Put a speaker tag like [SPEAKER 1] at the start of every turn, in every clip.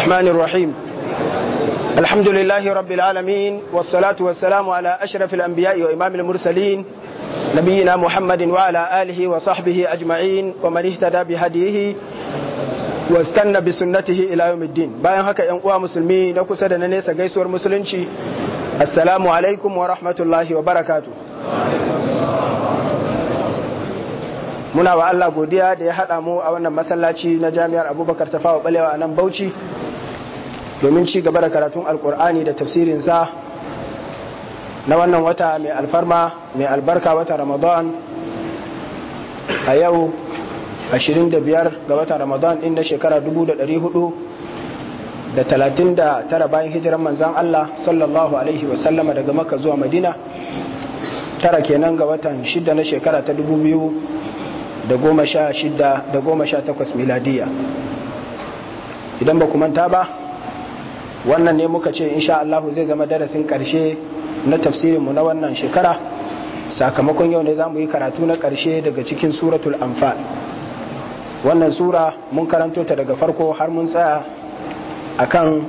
[SPEAKER 1] الرحمن الرحيم الحمد لله رب العالمين والصلاة والسلام على أشرف الأنبياء وإمام المرسلين نبينا محمد وعلى آله وصحبه أجمعين ومن اهتدى بهديه واستنى بسنته إلى يوم الدين باين هكا ينقوى مسلمين نكسد ننسى قيسور مسلمشي السلام عليكم ورحمة الله وبركاته muna wa Allah godiya da ya haɗa mu a wannan masallaci na jami'ar abubakar tafawa balewa a nan bauchi domin ci gaba da karatun alkur'ani da tafsirinsa na wannan wata mai alfarma mai albarka wata ramadan a yau 25 ga wata ramadan din na shekara 439 bayan hijiran manzan Allah sallallahu alaihi wasallama daga maka zuwa madina tara kenan ga watan shida na shekara ta 2016 da 18 miladiya idan ba ku manta ba wannan ne muka ce insha Allah zai zama darasin karshe na tafsirin mu na wannan shekara sakamakon yau ne zamu yi karatu na karshe daga cikin suratul anfal wannan sura mun karanto ta daga farko har mun tsaya akan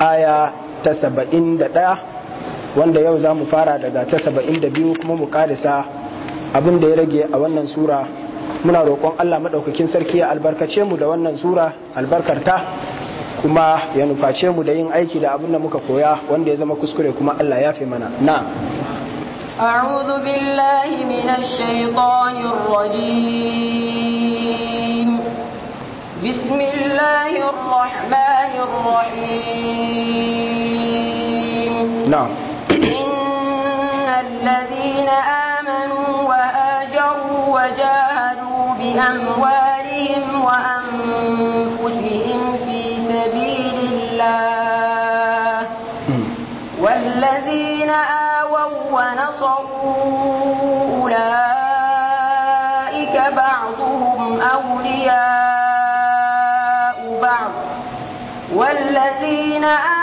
[SPEAKER 1] aya ta saba'in da ɗaya wanda yau zamu fara daga ta saba'in da biyu kuma mu karisa abin da ya rage a wannan sura muna roƙon Allah maɗaukakin sarki ya albarkace mu da wannan sura albarkarta kuma ya nuface mu da yin aiki da abin da muka koya wanda ya zama kuskure kuma Allah ya fi mana na
[SPEAKER 2] أعوذ بالله من الشيطان الرجيم بسم الله الرحمن الرحيم نعم إن الذين آمنوا
[SPEAKER 3] وآجروا
[SPEAKER 2] وجاهدوا بأموالهم وأنفسهم
[SPEAKER 3] والذين
[SPEAKER 2] آووا ونصروا أولئك بعضهم أولياء بعض والذين آووا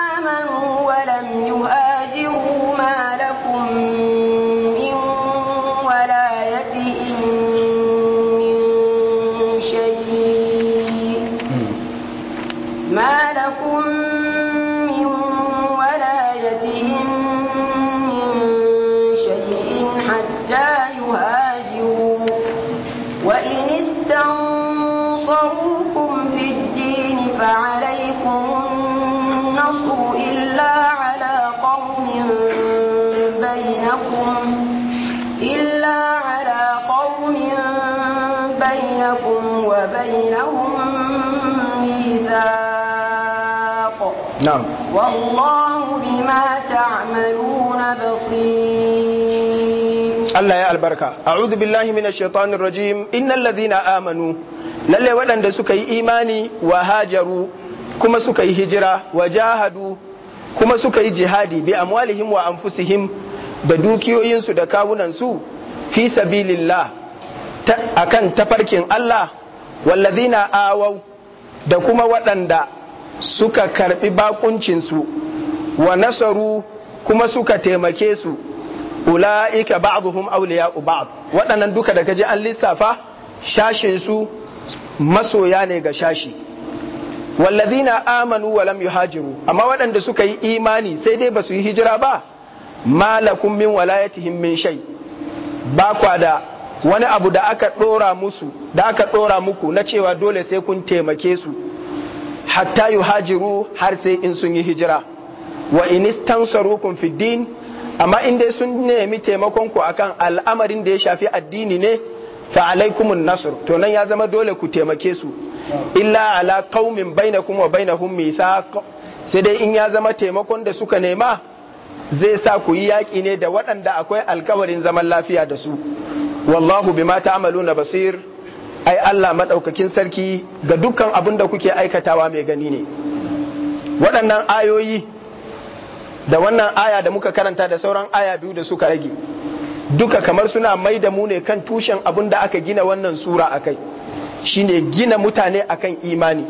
[SPEAKER 2] يخالفوكم في الدين فعليكم النصر إلا على قوم بينكم إلا على قوم بينكم وبينهم ميثاق نعم والله بما تعملون بصير
[SPEAKER 1] الله يا البركة أعوذ بالله من الشيطان الرجيم إن الذين آمنوا lalle waɗanda suka yi imani wa hajaru kuma suka yi hijira wa jahadu kuma suka yi jihadi bi amwalihim wa anfusihim da dukiyoyinsu da kawunansu fi sabilillah kan tafarkin Allah wallazina awau da kuma waɗanda suka karɓi bakuncinsu wa nasaru kuma suka taimake su ula'ika ba'dhum awliya'u ba'd waɗannan duka da kaji an lissafa shashin su masoya ne ga shashi wallazina amanu wa lam yuhajiru amma waɗanda suka yi imani sai dai ba su yi hijira ba malakum min walayatihim min shay ba kwa da wani abu da aka dora musu da aka dora muku na cewa dole sai kun taimake su hatta yuhajiru har sai in sun yi hijira wa in istansarukum fid din amma in dai sun nemi taimakon ku akan al'amarin da ya shafi addini ne fa alaikumun nasr to nan ya zama dole ku taimake su illa ala qaumin bainakum wa bainahum mithaq sai dai in ya zama taimakon da suka nema zai sa ku yi yaƙi ne da waɗanda akwai alkawarin zaman lafiya da su wallahu bima ta'maluna basir ai Allah madaukakin sarki ga dukkan abin da kuke aikatawa mai gani ne waɗannan ayoyi da wannan aya da muka karanta da sauran aya biyu da suka rage duka kamar suna mai da mu ne kan tushen abin da aka gina wannan sura a kai. Shi ne gina mutane akan imani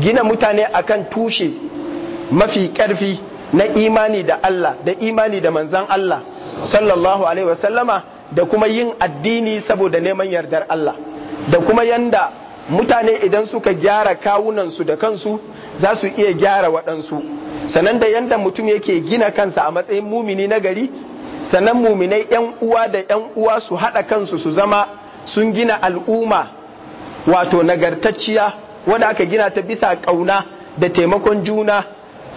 [SPEAKER 1] gina mutane akan tushe mafi karfi na imani da Allah da imani da manzan Allah sallallahu alaihi wasallama da kuma yin addini saboda neman yardar Allah da kuma yanda mutane idan suka gyara kawunansu da kansu za su iya gyara waɗansu sanan da yanda mutum yake gina kansa a matsayin mumini na gari sannan muminai yan uwa da yan uwa su haɗa kansu su zama sun gina al'umma wato nagartacciya wanda aka gina ta bisa ƙauna da taimakon juna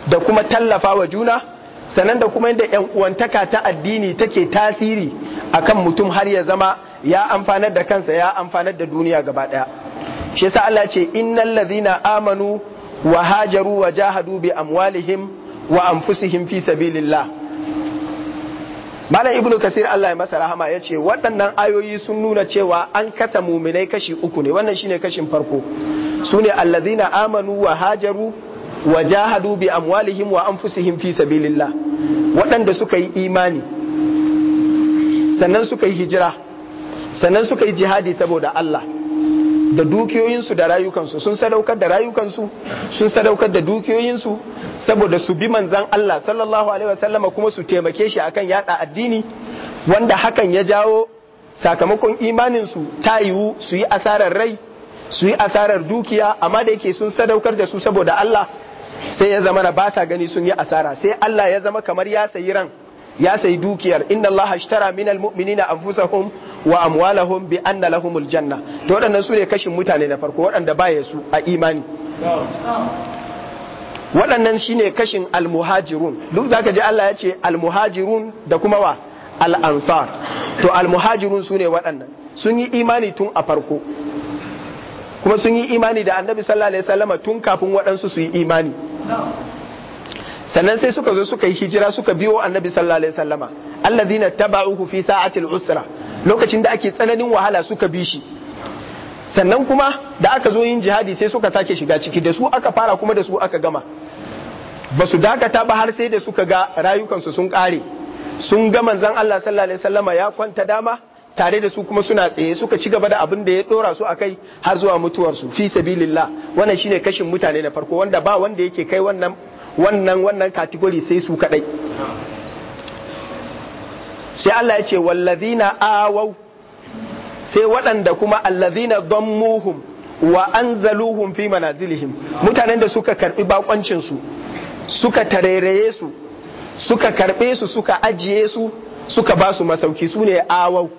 [SPEAKER 1] da kuma tallafa wa juna sannan da kuma yadda yan uwantaka ta addini take tasiri akan mutum har ya zama ya amfanar da kansa ya amfanar da duniya gaba ɗaya shi yasa Allah ce innal ladhina amanu wa hajaru wa jahadu bi amwalihim wa anfusihim fi sabilillah Malam Ibnu Kasir Allah ya masa rahama ya ce waɗannan ayoyi sun nuna cewa an kasa muminai kashi uku ne wannan shine kashin farko su ne allazina amanu wa hajaru wa jahadu bi amwalihim wa anfusihim fi sabilillah waɗanda suka yi imani sannan suka yi hijira sannan suka yi jihadi saboda Allah da dukiyoyinsu da rayukansu sun sadaukar da rayukansu sun sadaukar da dukiyoyinsu saboda su bi manzan Allah sallallahu alaihi wasallama kuma su taimake shi akan yada addini wanda hakan ya jawo sakamakon imaninsu ta yiwu su yi asarar rai su yi asarar dukiya amma da yake sun sadaukar da su saboda Allah sai ya zama na ba sa gani sun yi asara sai Allah ya zama kamar ya sayi ran ya sayi dukiyar inna allaha ishtara minal mu'minina anfusahum wa amwalahum bi anna lahumul janna to waɗannan su ne kashin mutane na farko waɗanda baya su a imani waɗannan shine kashin almuhajirun duk da ka ji Allah ya ce almuhajirun da kuma wa ansar. to almuhajirun su ne waɗannan sun yi imani tun a farko kuma sun yi imani da annabi sallallahu alaihi wasallama tun kafin waɗansu su yi imani sannan sai suka zo suka yi hijira suka biyo annabi sallallahu alaihi wasallama alladhina taba'uhu fi sa'atil usra lokacin da ake tsananin wahala suka bi shi sannan kuma da aka zo yin jihadi sai suka sake shiga ciki da su aka fara kuma da su aka gama ba su dakata ba har sai da suka ga rayukansu sun kare sun ga manzon Allah sallallahu alaihi wasallama ya kwanta dama tare da su kuma suna tsaye suka ci gaba da abin da ya dora su akai har zuwa mutuwarsu fi sabilillah wannan shine kashin mutane na farko wanda ba wanda yake kai wannan wannan wannan sai su kadai sai Allah ya ce wallazina awau sai waɗanda kuma allazina dammuhum wa anzaluhum fi manazilihim mutanen da suka karbi bakoncin su suka tarereye su suka karbe su suka ajiye su suka ba su masauki su ne awau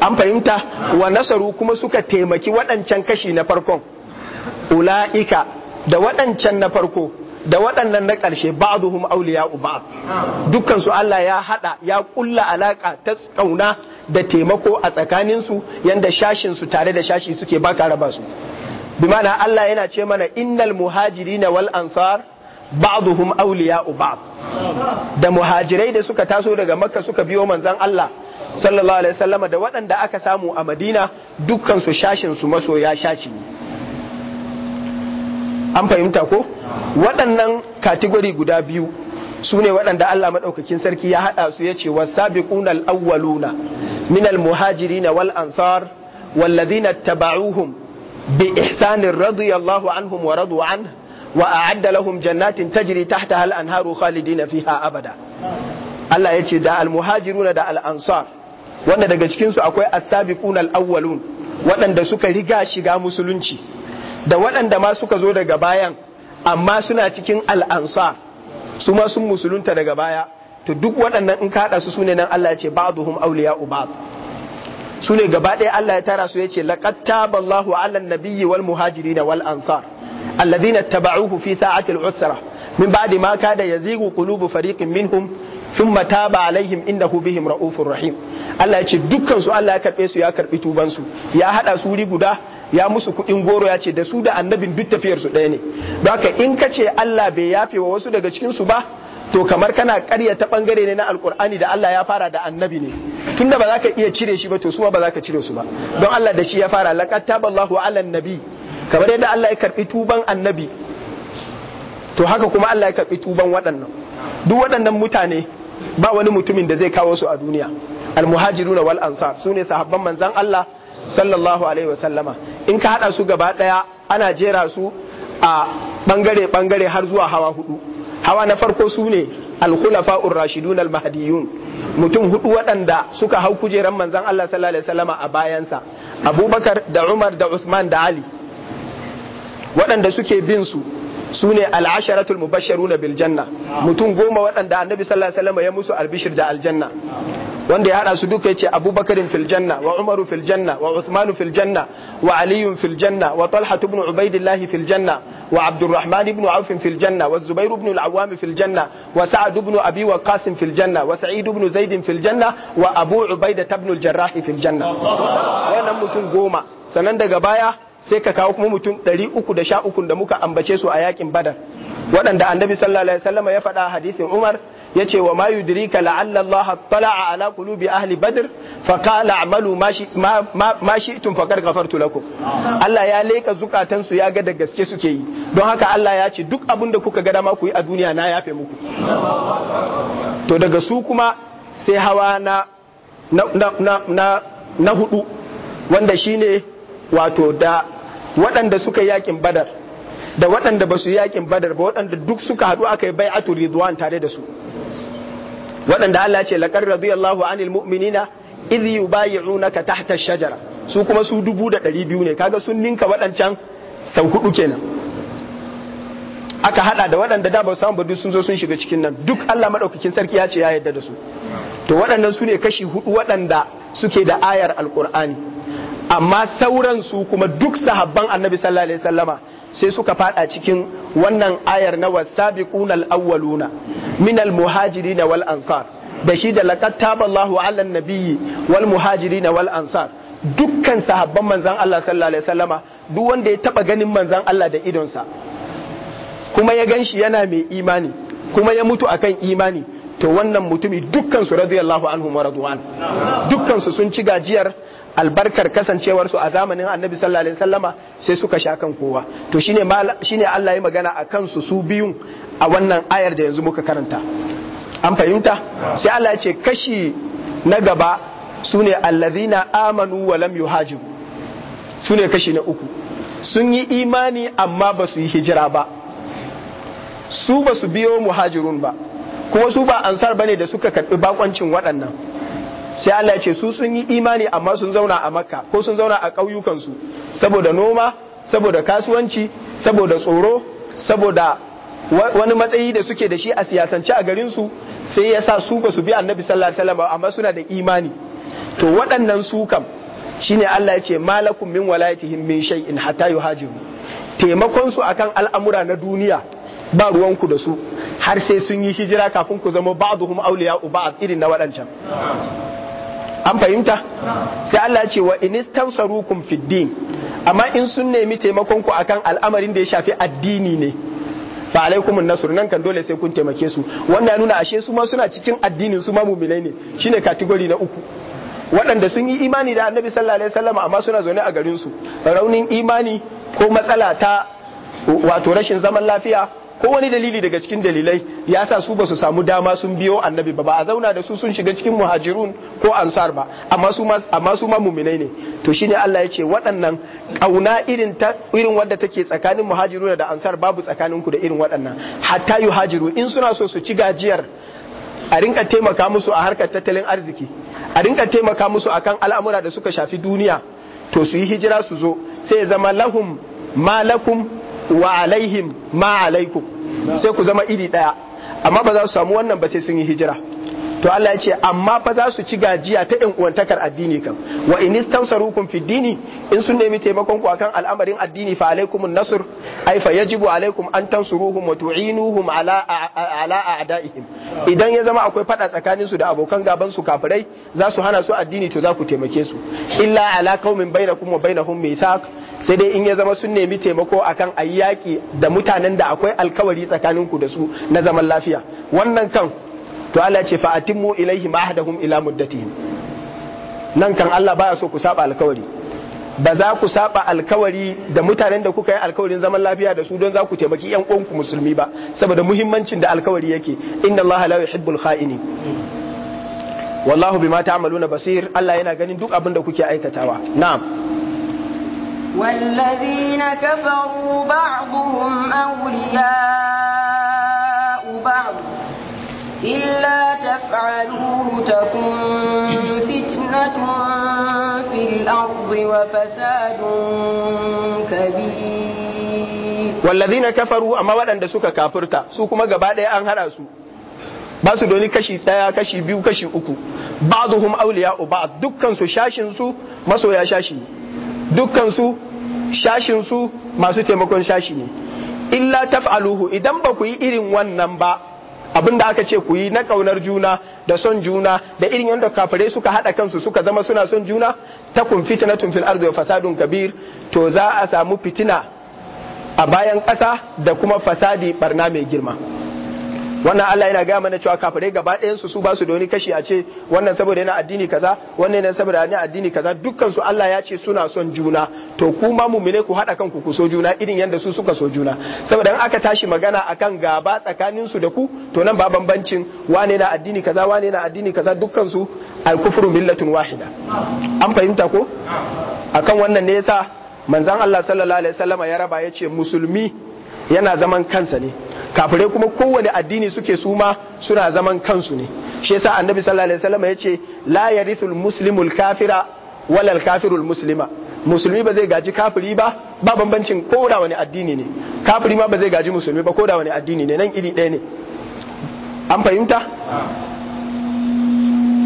[SPEAKER 1] an fahimta wa nasaru kuma suka taimaki waɗancan kashi na farkon ula'ika da waɗancan na farko da waɗannan na ƙarshe ba'duhum auliya ba'd dukkan su Allah ya haɗa ya ƙulla alaƙa ta ƙauna da taimako a tsakaninsu yadda yanda su tare da shashi suke baka raba su bi mana Allah yana ce mana innal muhajiri wal ansar ba'duhum awliya'u ba'd da muhajirai da suka taso daga makka suka biyo manzan Allah sallallahu alaihi wasallama da waɗanda aka samu a Madina dukkan su shashin su masoya shashi an fahimta ko waɗannan kategori guda biyu su ne waɗanda Allah maɗaukakin sarki ya haɗa su ya ce wasabiquna awaluna minal muhajirina al-muhajirin wal ansar tabauhum bi ihsanin radiyallahu anhum wa radu an wa a'adda lahum jannatin tajiri tahta hal anharu khalidina fiha abada Allah ya ce da al-muhajiruna da al-ansar wanda daga cikinsu akwai as-sabiquna al-awwalun waɗanda suka riga shiga musulunci da waɗanda ma suka zo daga bayan amma suna cikin al'ansa su ma sun musulunta daga baya to duk waɗannan in kaɗa su sune nan Allah ya ce ba'duhum awliya ba'd su ne gaba ɗaya Allah ya tara su ya ce laqad taballahu 'alan nabiyyi wal muhajirin wal ansar alladhina taba'uhu fi sa'ati al-usra min ba'di ma kada yazigu qulubu fariqin minhum thumma taba alaihim innahu bihim ra'ufur rahim Allah ya ce dukkan su Allah ya karbe su ya karbi tuban su ya hada su guda ya musu kuɗin goro ya ce da su da annabin duk tafiyarsu su ɗaya ne don haka in ka ce Allah bai yafe wa wasu daga cikinsu ba to kamar kana karya ta bangare ne na alkur'ani da Allah ya fara da annabi ne Tun da ba za ka iya cire shi ba to suma ba za ka cire su ba don Allah da shi ya fara laqad taballahu ala nabi kamar yadda Allah ya karɓi tuban annabi to haka kuma Allah ya karɓi tuban waɗannan duk waɗannan mutane ba wani mutumin da zai kawo su a duniya Al-Muhajiru na wal ansar sune sahabban manzon Allah sallallahu alaihi wasallama in ka haɗa su gaba daya ana jera su a bangare ɓangare har zuwa hawa hudu hawa na farko su ne al-khulafa'ur rashidun al-mahdiyun mutum hudu waɗanda suka hau kujeran manzon Allah sallallahu alaihi wasallama a bayansa Abubakar da Umar da Usman da Ali waɗanda suke bin su su ne al'asharatul mubashsharuna bil janna mutum goma waɗanda annabi sallallahu alaihi wasallam ya musu albishir da aljanna wanda ya hada su duka yace abubakar fil janna wa umaru fil janna wa usmanu fil janna wa aliyun fil janna wa talha ibn ubaidillah fil janna wa abdurrahman ibn auf fil janna wa zubair ibn al-awwam fil janna wa sa'ad ibn abi waqas fil janna wa sa'id ibn zaid fil janna wa abu ubaidah ibn al-jarrah fil janna wannan mutum goma sanan daga baya sai ka kawo kuma mutum ɗari uku da sha da muka ambace su a yakin badar waɗanda annabi sallallahu alaihi wasallam ya faɗa hadisin umar ya ce wa ma yudrika la'alla allaha a ala qulubi ahli badr fa qala a'malu ma shi'tum faqad ghafartu lakum Allah ya leka zukatan ya ga da gaske suke yi don haka Allah ya ce duk abin da kuka ga dama ku yi a duniya na yafe muku to daga su kuma sai hawa na na hudu wanda shine wato da waɗanda suka yakin badar da waɗanda ba su yakin badar ba waɗanda duk suka haɗu aka yi bai bai'atu ridwan tare da su waɗanda Allah ce laqad radiyallahu anil mu'minina idh yubayi'unaka tahta shajara su kuma su dubu da ɗari biyu ne kaga sun ninka waɗancan sau hudu kenan aka hada da waɗanda da ba su samu ba duk sun zo sun shiga cikin nan duk Allah madaukakin sarki ya ce ya yarda da su to waɗannan su ne kashi hudu waɗanda suke da ayar alqur'ani amma sauran su kuma duk sahabban annabi sallallahu alaihi wasallama sai suka fada cikin wannan ayar na wasabiquna al min almuhajirin wal ansar da shi da laqad taballahu ala nabiyyi wal muhajirin wal ansar dukkan sahabban manzon Allah sallallahu alaihi wasallama duk wanda ya taba ganin manzon Allah da idonsa kuma ya ganshi yana mai imani kuma ya mutu akan imani to wannan mutumi dukkan su radiyallahu anhum wa radwan dukkan su sun ci gajiyar albarkar kasancewarsu a zamanin annabi sallallahu alaihi wasallama sai suka sha kan kowa to shine shine Allah ya magana a kansu su biyun a wannan ayar da yanzu muka karanta an fahimta sai Allah ya ce kashi na gaba sune allazina amanu wa lam yuhajiru sune kashi na uku sun yi imani amma ba su yi hijira ba su ba su biyo muhajirun ba kuma su ba ansar bane da suka karbi bakoncin waɗannan sai Allah ya ce su sun yi imani amma sun zauna a makka ko sun zauna a ƙauyukansu saboda noma saboda kasuwanci saboda tsoro saboda wani matsayi da suke da shi a siyasance a garin su sai yasa su ba su bi annabi sallallahu alaihi wasallam amma suna da imani to waɗannan su kam shine Allah ya ce malakum min walayatihim min shay'in hatta yuhajiru taimakon su akan al'amura na duniya ba ruwan ku da su har sai sun yi hijira kafin ku zama ba'duhum awliya'u ba'd irin na waɗancan an fahimta sai Allah ya ce wa inistamsarukum fid din amma in sun nemi taimakon ku akan al'amarin da ya shafi addini ne fa alaikumun nasr nan kan dole sai kun taimake su wannan ya nuna ashe su ma suna cikin addinin su ma mu'minai ne shine kategori na uku waɗanda sun yi imani da annabi sallallahu alaihi wasallam amma suna zaune a garin su raunin imani ko matsala ta wato rashin zaman lafiya ko wani dalili daga cikin dalilai ya sa su ba su samu dama sun biyo annabi ba ba a zauna da su sun shiga cikin muhajirun ko ansar ba amma su ma muminai ne to shine Allah ya ce waɗannan ƙauna irin ta wadda take tsakanin muhajirun da ansar babu tsakanin ku da irin waɗannan hatta yuhajiru in suna so su ci gajiyar a rinka taimaka musu a harkar tattalin arziki a rinka taimaka musu akan al'amura da suka shafi duniya to su yi hijira su zo sai ya zama lahum malakum wa alaihim ma alaikum sai ku zama iri daya amma ba za su samu wannan ba sai sun yi hijira to Allah ya ce amma fa za su ci gajiya ta ɗin uwantakar addini kan wa in istansarukum fi dini in sun nemi taimakon ku akan al'amarin addini fa alaikumun nasr ai fa yajibu alaikum an tansuruhum wa tu'inuhum ala ala a'daihim idan ya zama akwai fada tsakanin su da abokan gaban su kafirai za su hana su addini to za ku taimake su illa ala qaumin bainakum wa bainahum mithaq sai dai in ya zama sun nemi taimako akan ayyaki da mutanen da akwai alkawari tsakaninku da su na zaman lafiya wannan kan to Allah ce fa atimmu ilaihim ahdahum ila muddatihim nan kan Allah baya so ku saba alkawari ba za ku saba alkawari da mutanen da kuka yi alkawarin zaman lafiya da su don za ku taimaki yan uwanku musulmi ba saboda muhimmancin da alkawari yake inna Allah la yuhibbul kha'ini wallahu bima ta'maluna basir Allah yana ganin duk abin da kuke aikatawa na'am
[SPEAKER 2] والذين كفروا بعضهم أولياء بعض إلا تفعلوه تكون فتنة في الأرض وفساد
[SPEAKER 1] كبير والذين كفروا أما وأن دسوك كافرتا سوك ما قبعد أن هرأسوا ba su doni kashi daya kashi biyu kashi uku ba'duhum awliya'u ba'd dukkan su shashin su masoya shashi dukkansu shashinsu masu taimakon shashi ne illa taf'aluhu idan ba ku yi irin wannan ba abinda aka ce ku yi na kaunar juna da son juna da irin yadda kafirai suka hada kansu suka zama suna son juna ta kun fitina tun fil ardi fasadun kabir to za a samu fitina a bayan ƙasa da kuma fasadi barna mai girma wannan Allah yana gaya mana cewa kafirai gaba ɗayan su su ba su da wani kashi a ce wannan saboda yana addini kaza wannan yana saboda yana addini kaza dukkan su Allah ya ce suna son juna to kuma mumine ku haɗa kanku ku so juna irin yadda su suka so juna saboda in aka tashi magana akan gaba tsakanin su da ku to nan ba bambancin wane na addini kaza wane na addini kaza dukkan su al-kufru millatun wahida an fahimta ko akan wannan ne yasa manzon Allah sallallahu alaihi wasallama ya raba yace musulmi yana zaman kansa ne kafirai kuma kowane addini suke suma suna zaman kansu ne shi yasa annabi sallallahu alaihi wasallam yace la yarithul muslimul kafira wala al kafirul muslima musulmi ba zai gaji kafiri ba ba bambancin ko da wani addini ne kafiri ma ba zai gaji musulmi ba ko da wani addini ne nan iri ɗaya ne an fahimta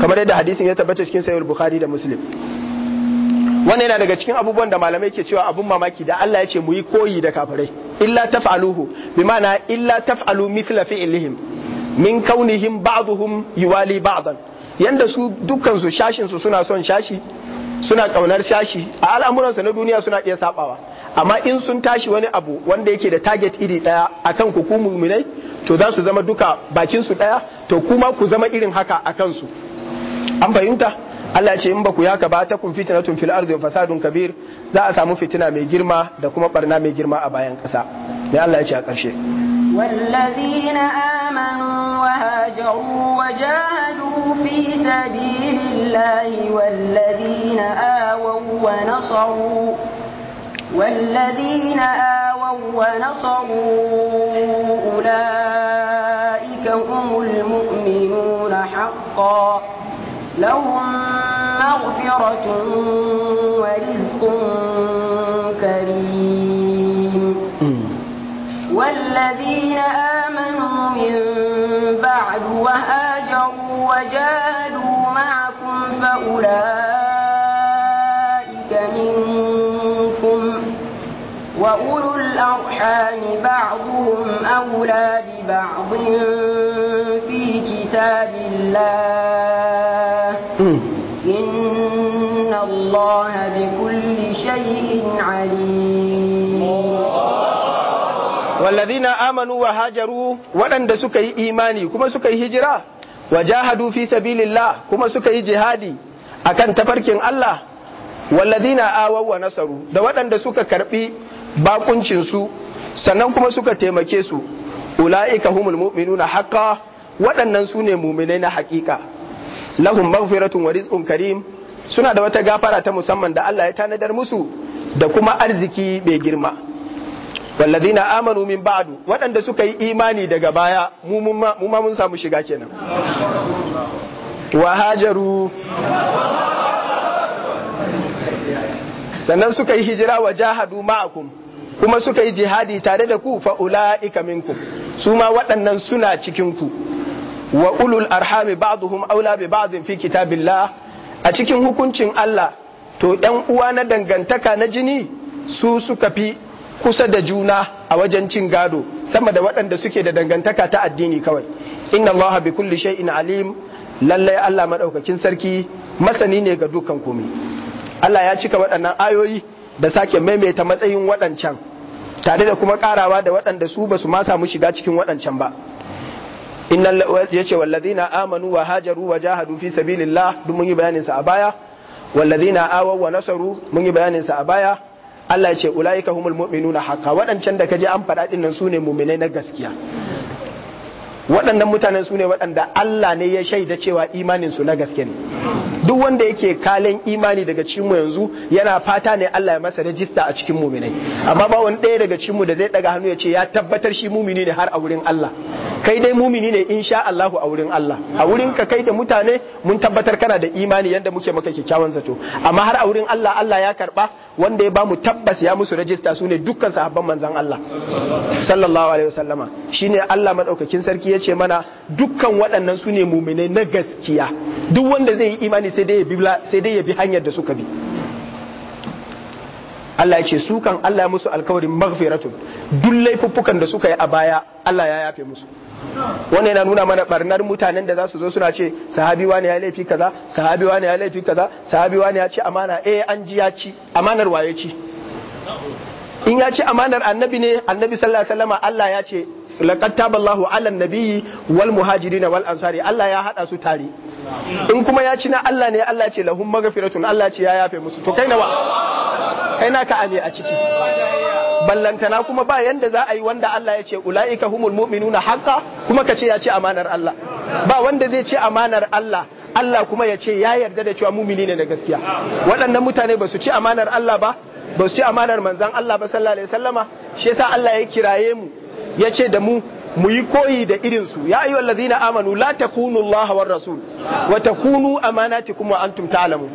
[SPEAKER 1] kamar yadda hadisin ya tabbata cikin sayyid bukhari da muslim wannan yana daga cikin abubuwan da malamai ke cewa abun mamaki da Allah ya ce mu yi koyi da kafirai illa taf'aluhu bi ma'ana illa taf'alu mithla fi'lihim min kaunihim ba'dhum yuwali ba'dan yanda su dukkan su shashin su suna son shashi suna kaunar shashi a al'amuransu na duniya suna iya sabawa amma in sun tashi wani abu wanda yake da target iri daya akan ku ku mu'minai to za su zama duka bakin su daya to kuma ku zama irin haka akan su an fahimta Allah ce in ba ku yaka ba ta kun fitnatun fil ardi fasadun kabir za a samu fitina mai girma da kuma barna mai girma a bayan ƙasa me Allah ya ce a ƙarshe
[SPEAKER 4] والذين آمنوا وهاجروا وجاهدوا في
[SPEAKER 2] سبيل الله والذين آووا ونصروا والذين آووا ونصروا أولئك هم المؤمنون حقا لهم مغفرة ورزق كريم
[SPEAKER 3] والذين آمنوا من
[SPEAKER 2] بعد وهاجروا وجاهدوا معكم فأولئك منكم وأولو الأرحام بعضهم أولى ببعض في كتاب الله
[SPEAKER 1] na amanu wa hajaru waɗanda suka yi imani kuma suka yi hijira wa jahadu fi sabilillah kuma suka yi jihadi akan tafarkin Allah wallazina awaw wa nasaru da waɗanda suka karɓi bakuncin su sannan kuma suka taimake su ula'ika humul mu'minuna haqqan waɗannan sune mu'minai na haƙiƙa lahum maghfiratun wa rizqun karim suna da wata gafara ta musamman da Allah ya tanadar musu da kuma arziki mai girma wallazina amanu min ba'du waɗanda suka yi imani daga baya mu ma mun samu shiga kenan wa hajaru sannan suka yi hijira wa jahadu ma'akum kuma suka yi jihadi tare da ku fa ula'ika minkum su ma waɗannan suna cikin ku wa ulul arhami ba'dhum aula bi ba'din fi kitabillah a cikin hukuncin Allah to ɗan uwa na dangantaka na jini su suka fi kusa da juna a wajen cin gado sama da waɗanda suke da dangantaka ta addini kawai inna allaha bi kulli shay'in alim lallai Allah madaukakin sarki masani ne ga dukan komai Allah ya cika waɗannan ayoyi da sake maimaita matsayin waɗancan tare da kuma ƙarawa da waɗanda su ba su ma samu shiga cikin waɗancan ba innal yace walladina amanu wa hajaru wa jahadu fi sabilillah duk mun yi bayanin sa a baya walladina awaw wa nasaru mun yi bayanin sa a baya Allah yace ce ulaika humul mu'minuna haqqan waɗancan da kaje an faɗa dinnan sune mu'minai na gaskiya waɗannan mutanen su ne waɗanda Allah ne ya shaida cewa imanin su na gaske ne duk wanda yake kalen imani daga cikin yanzu yana fata ne Allah ya masa rajista a cikin muminai amma ba wani ɗaya daga cikin da zai ɗaga hannu ya ce ya tabbatar shi mumini ne har a wurin Allah kai dai mumini ne insha Allahu a wurin Allah a wurin ka kai da mutane mun tabbatar kana da imani yanda muke maka kyakkyawan zato amma har a wurin Allah Allah ya karba wanda ya bamu tabbas ya musu rajista sune dukkan sahabban manzan Allah sallallahu alaihi wasallama shine Allah madaukakin sarki ya ce mana dukkan waɗannan su ne muminai na gaskiya duk wanda zai yi imani sai dai ya bi dai ya bi hanyar da suka bi Allah ya ce su kan Allah ya musu alkawarin maghfiratun duk laifuffukan da suka yi a baya Allah ya yafe musu wannan yana nuna mana barnar mutanen da za su zo suna ce sahabi wani ya laifi kaza sahabi wani ya laifi kaza sahabi wani ya ci amana eh an ji ya ci amanar waye ci in ya ci amanar annabi ne annabi sallallahu alaihi wasallam Allah ya ce laqad Allahu ala nabiyyi wal muhajirin wal ansari Allah ya hada su tare in kuma ya ci na Allah ne Allah ce lahum maghfiratun Allah ce ya yafe musu to kai nawa kai naka ame a ciki ballantana kuma ba yanda za a yi wanda Allah ya ce ulaika humul mu'minuna haqqan kuma ka ce ya ce amanar Allah ba wanda zai ce amanar Allah Allah kuma ya ce ya yarda da cewa mumini ne na gaskiya waɗannan mutane ba su ci amanar Allah ba ba su ci amanar manzan Allah ba sallallahu alaihi wasallama shi yasa Allah ya kiraye mu ya ce da mu mu yi koyi da irinsu ya ayyuhal na amanu la takunu Allah war rasul wa takunu amanatikum wa antum ta'lamu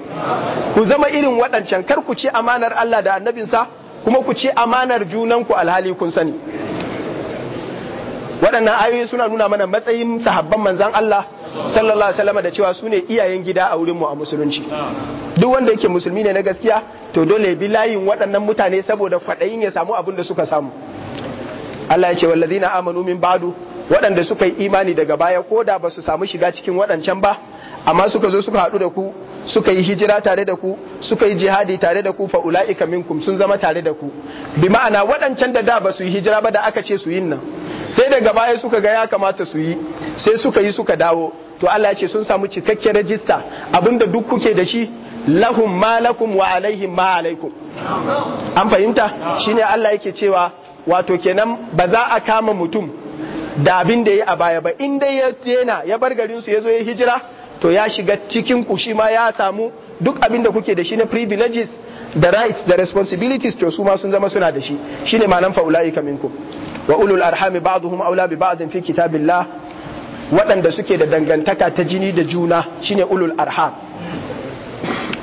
[SPEAKER 1] ku zama irin waɗancan kar ku ce amanar Allah da annabinsa kuma ku ce amanar junanku alhali kun sani waɗannan ayoyi suna nuna mana matsayin sahabban manzan Allah sallallahu alaihi wasallam da cewa su ne iyayen gida a wurinmu a musulunci duk wanda yake musulmi ne na gaskiya to dole bi layin waɗannan mutane saboda kwaɗayin ya samu abin da suka samu Allah ya ce wallazina amanu min ba'du waɗanda suka yi imani daga baya ko da ba su samu shiga cikin waɗancan ba amma suka zo suka haɗu da ku suka yi hijira tare da ku suka yi jihadi tare da ku fa ula'ika minkum sun zama tare da ku bi ma'ana waɗancan da da ba su yi hijira ba da aka ce su yin nan sai daga baya suka ga ya kamata su yi sai suka yi suka dawo to Allah ya ce sun samu cikakken rajista abinda duk kuke da shi lahum ma lakum wa alaihim ma alaikum an fahimta shine Allah yake cewa wato kenan ba za a kama mutum da abin da ya a baya ba in dai ya yana ya bar garin su ya zo ya hijira to ya shiga cikin ku shi ma ya samu duk abin da kuke da shi na privileges da rights da responsibilities to su ma sun zama suna da shi shine malam fa ulaika minkum wa ulul arhami ba'dhum aula bi ba'dhin fi kitabillah waɗanda suke da dangantaka ta jini da juna shine ulul arham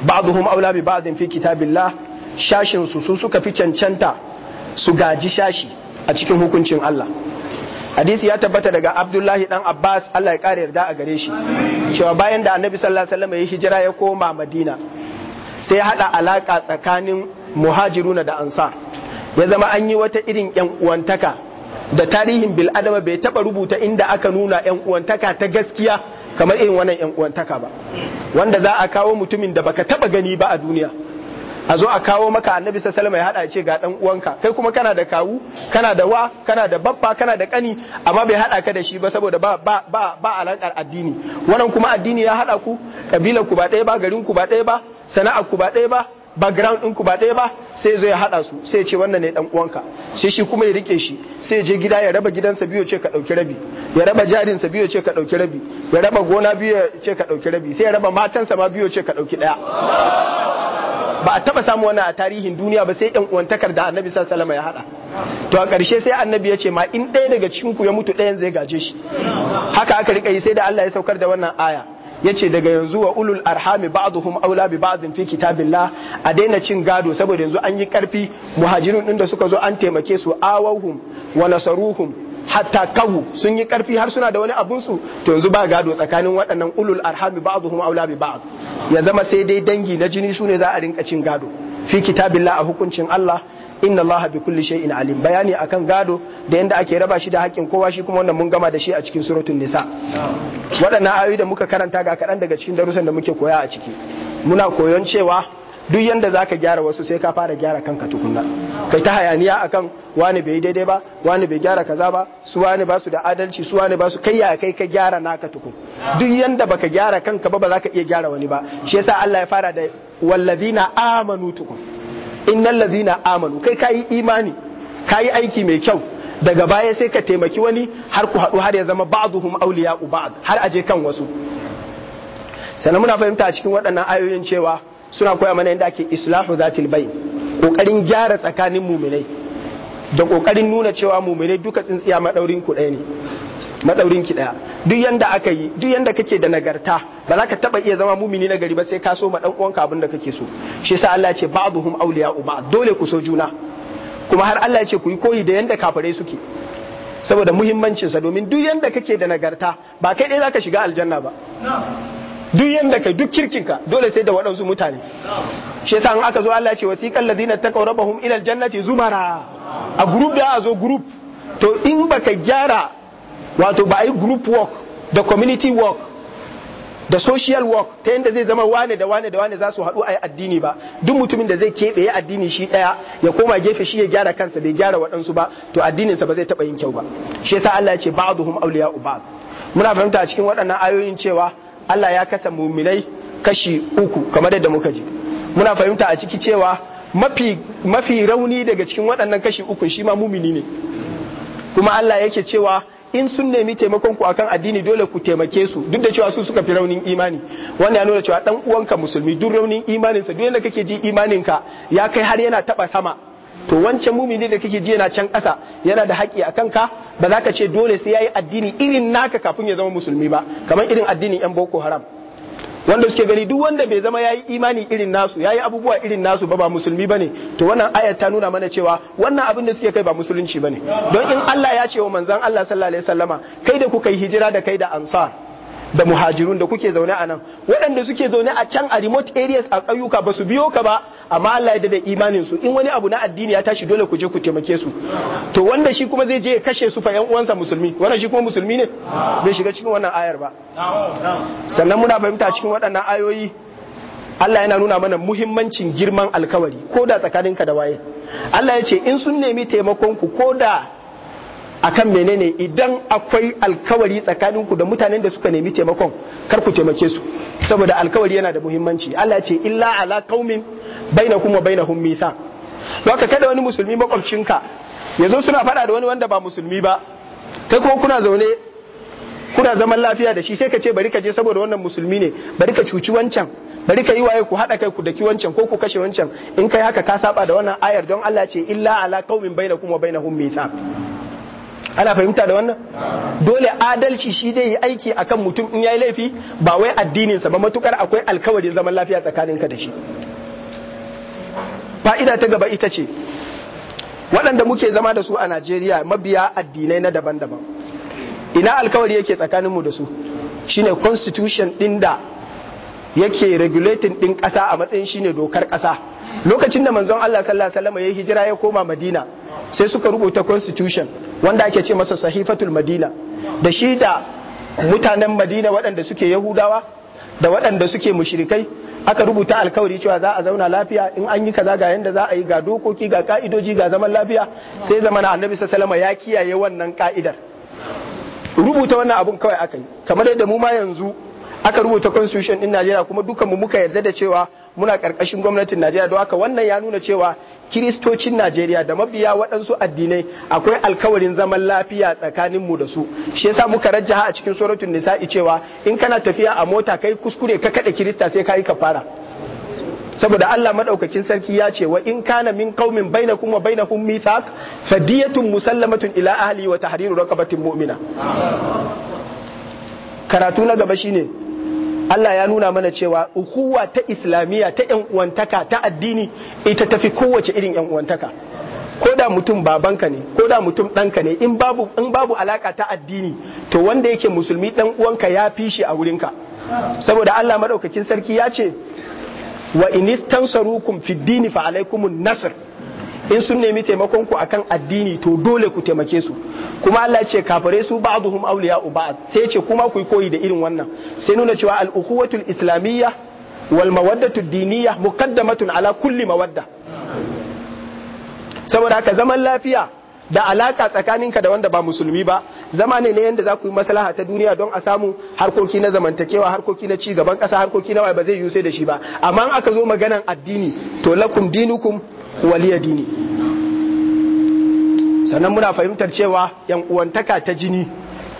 [SPEAKER 1] ba'dhum aula bi ba'dhin fi kitabillah shashin su su suka fi cancanta su gaji shashi a cikin hukuncin Allah hadisi ya tabbata daga Abdullahi dan Abbas Allah ya kare yarda a gare shi cewa bayan da Annabi sallallahu alaihi wasallam ya hijira ya koma Madina sai ya hada alaka tsakanin muhajiruna da ansar ya zama an yi wata irin yan uwantaka da tarihin bil adama bai taba rubuta inda aka nuna yan uwantaka ta gaskiya kamar irin wannan yan uwantaka ba wanda za a kawo mutumin da baka taba gani ba a duniya a zo a kawo maka annabi sallallahu ya hada ce ga dan uwanka kai kuma kana da kawu kana da wa kana da babba kana da kani amma bai hada ka da shi ba saboda ba ba ba, alakar addini wannan kuma addini ya hada ku kabilar ku ba ɗaya ba garin ku ba ɗaya ba sana'ar ku ba ɗaya ba background ɗinku ba ɗaya ba sai zai haɗa su sai ce wannan ne dan uwanka sai shi kuma ya rike shi sai je gida ya raba gidansa biyu ce ka ɗauki rabi ya raba jarinsa biyu ce ka ɗauki rabi ya raba gona biyu ce ka ɗauki rabi sai ya raba matansa ma biyu ce ka ɗauki ɗaya ba a taba samu wannan a tarihin duniya ba sai yan uwantakar da annabi sallallahu alaihi ya haɗa. to a ƙarshe sai annabi ya ce ma in ɗaya daga cikin ku ya mutu ɗayan zai gaje shi haka aka rika yi sai da Allah ya saukar da wannan aya yace daga yanzu wa ulul arhami ba'dhum aula bi ba'dhin fi kitabillah a daina cin gado saboda yanzu an yi karfi muhajirin din da suka zo an taimake su awahum wa nasaruhum hatta kawu sun yi karfi har suna da wani abun su to yanzu ba gado tsakanin waɗannan ulul arhami ba'dhum aula bi ba'd ya zama sai dai dangi na jini su ne za a rinka cin gado fi kitabillah a hukuncin Allah inna allaha bi kulli shay'in alim bayani akan gado da yanda ake raba shi da haƙin kowa shi kuma wannan mun gama da shi a cikin suratul nisa waɗannan ayoyi da muka karanta ga kaɗan daga cikin darussan da muke koya a ciki muna koyon cewa duk yanda zaka gyara wasu sai ka fara gyara kanka tukunna kai ta hayaniya akan wani bai daidai ba wani bai gyara kaza ba su wani ba su da adalci su wani ba su kai ya kai ka gyara naka tukun duk yanda baka gyara kanka ba ba za ka iya gyara wani ba shi yasa Allah ya fara da wallazina amanu tukun innal ladina amanu kai kayi imani kayi aiki mai kyau daga baya sai ka taimaki wani har ku hadu har ya zama ba'duhum awliya'u ba'd har aje kan wasu sannan muna fahimta a cikin waɗannan ayoyin cewa suna koya mana yadda ake islahu zatil bayn kokarin gyara tsakanin muminai da kokarin nuna cewa muminai duka tsintsiya madaurin ku ɗaya ne madaurin ki daya duk yanda aka yi duk yanda kake da nagarta ba za ka taba iya zama mumini na gari ba sai ka so ma dan uwanka abin da kake so shi yasa Allah ya ce ba'dhum awliya'u ba dole ku so juna kuma har Allah ya ce ku yi koyi da yanda kafirai suke saboda muhimmancin sa domin duk yanda kake da nagarta ba kai dai zaka shiga aljanna ba duk yanda kai duk kirkinka dole sai da waɗansu mutane shi yasa in aka zo Allah ya ce wasiqal ladina taqaw rabbahum ila aljannati zumara a group da a zo group to in baka gyara wato ba a yi group work da community work da social work ta yadda zai zama wane da wane da wane za su haɗu a yi addini ba duk mutumin da zai keɓe ya addini shi ɗaya ya koma gefe shi ya gyara kansa bai gyara waɗansu ba to addininsa ba zai taɓa yin kyau ba shi yasa Allah ya ce ba'dhum auliya ba'd muna fahimta a cikin waɗannan ayoyin cewa Allah ya kasa muminai kashi uku kamar yadda muka ji muna fahimta a ciki cewa mafi mafi rauni daga cikin waɗannan kashi uku shi ma mumini ne kuma Allah yake cewa in sun nemi taimakon ku akan addini dole ku taimake su duk da cewa su suka fi raunin imani wanda ya nuna cewa dan uwanka musulmi duk raunin imanin sa duk yanda kake ji ka ya kai har yana taba sama to wancan mumini da kake ji yana can ƙasa yana da haƙƙi akan ka ba za ka ce dole sai yayi addini irin naka kafin ya zama musulmi ba kamar irin addinin yan boko haram wanda suke gani duk wanda bai zama yayi imani irin nasu yayi abubuwa irin nasu ba ba musulmi bane to wannan ayar ta nuna mana cewa wannan abin da suke kai ba musulunci bane don in Allah ya ce wa manzon Allah sallallahu alaihi wasallama kai da kuka yi hijira da kai da ansar da muhajirun da kuke zaune a nan waɗanda suke zaune a can a remote areas a ƙauyuka ba su biyo ka ba amma Allah ya dade imanin su in wani abu na addini ya tashi dole ku je ku taimake su to wanda shi kuma zai je ya kashe su fa yan uwansa musulmi wannan shi kuma musulmi ne bai shiga cikin wannan ayar ba sannan muna fahimta cikin waɗannan ayoyi Allah yana nuna mana muhimmancin girman alkawari ko da tsakaninka da waye Allah ya ce in sun nemi taimakon ku ko da akan menene idan akwai alkawari tsakanin ku da mutanen da suka nemi taimakon kar ku taimake su saboda alkawari yana da muhimmanci Allah ce illa ala qaumin bainakum wa bainahum mitha ka kada wani musulmi makwabcinka yazo suna fada da wani wanda ba musulmi ba kai kuma kuna zaune kuna zaman lafiya da shi sai ka ce bari ka je saboda wannan musulmi ne bari ka cuci wancan bari ka yi waye ku hada kai ku daki wancan ko ku kashe wancan in kai haka ka saba da wannan ayar don Allah ce illa ala qaumin bainakum wa bainahum mithaq ana fahimta da wannan dole adalci shi dai yi aiki akan mutum in yayi laifi ba wai addininsa ba matukar akwai alkawarin zaman lafiya tsakaninka da shi fa'ida ta gaba ita ce waɗanda muke zama da su a Najeriya mabiya addinai na daban-daban ina alkawari yake tsakaninmu da su shine constitution ɗin da yake regulating ɗin ƙasa a matsayin shine dokar ƙasa lokacin da manzon Allah sallallahu alaihi wasallam ya hijira ya koma Madina sai suka rubuta constitution wanda ake ce masa sahifatul madina da shi da mutanen madina waɗanda suke yahudawa da waɗanda suke mushrikai aka rubuta alkawari cewa za a zauna lafiya in an yi kaza ga yanda za a yi ga dokoki ga ka'idoji ga zaman lafiya sai zamana annabi sallallahu ya kiyaye wannan ka'idar rubuta wannan abun kawai aka yi kamar da mu ma yanzu aka rubuta constitution din Najeriya kuma dukan mu muka yarda da cewa muna karkashin gwamnatin Najeriya don haka wannan ya nuna cewa kiristocin Najeriya da mabiya waɗansu addinai akwai alkawarin zaman lafiya tsakanin mu da su shi yasa muka rajja a cikin suratul nisa'i cewa in kana tafiya a mota kai kuskure ka kada kirista sai ka yi kafara saboda Allah madaukakin sarki ya ce wa in kana min qaumin bainakum wa bainahum mithaq fadiyatun musallamatun ila ahli wa tahriru raqabatin mu'mina karatu na gaba shine Allah ya nuna mana cewa ukuwa ta islamiyya ta yan uwantaka ta addini ita tafi kowace irin yan uwantaka ko da mutum babanka ne ko da mutum ɗanka ne in babu in babu alaka ta addini to wanda yake musulmi dan uwanka ya fi shi a ka. saboda Allah madaukakin sarki ya ce wa inistansarukum fid dini fa alaikumun nasr in sun nemi taimakon ku akan addini to dole ku taimake su kuma Allah ce kafare su ba'dhum awliya'u ba'd sai ce kuma ku koyi da irin wannan sai nuna cewa al-ukhuwatul islamiyya wal mawaddatud diniyya muqaddamatun ala kulli mawadda saboda haka zaman lafiya da alaka ka da wanda ba musulmi ba zama ne ne yanda za ku yi maslaha ta duniya don a samu harkoki na zamantakewa harkoki na cigaban ƙasa harkoki na wai ba zai yi sai da shi ba amma aka zo maganan addini to lakum dinukum waliya dini sannan muna fahimtar cewa yan uwantaka ta jini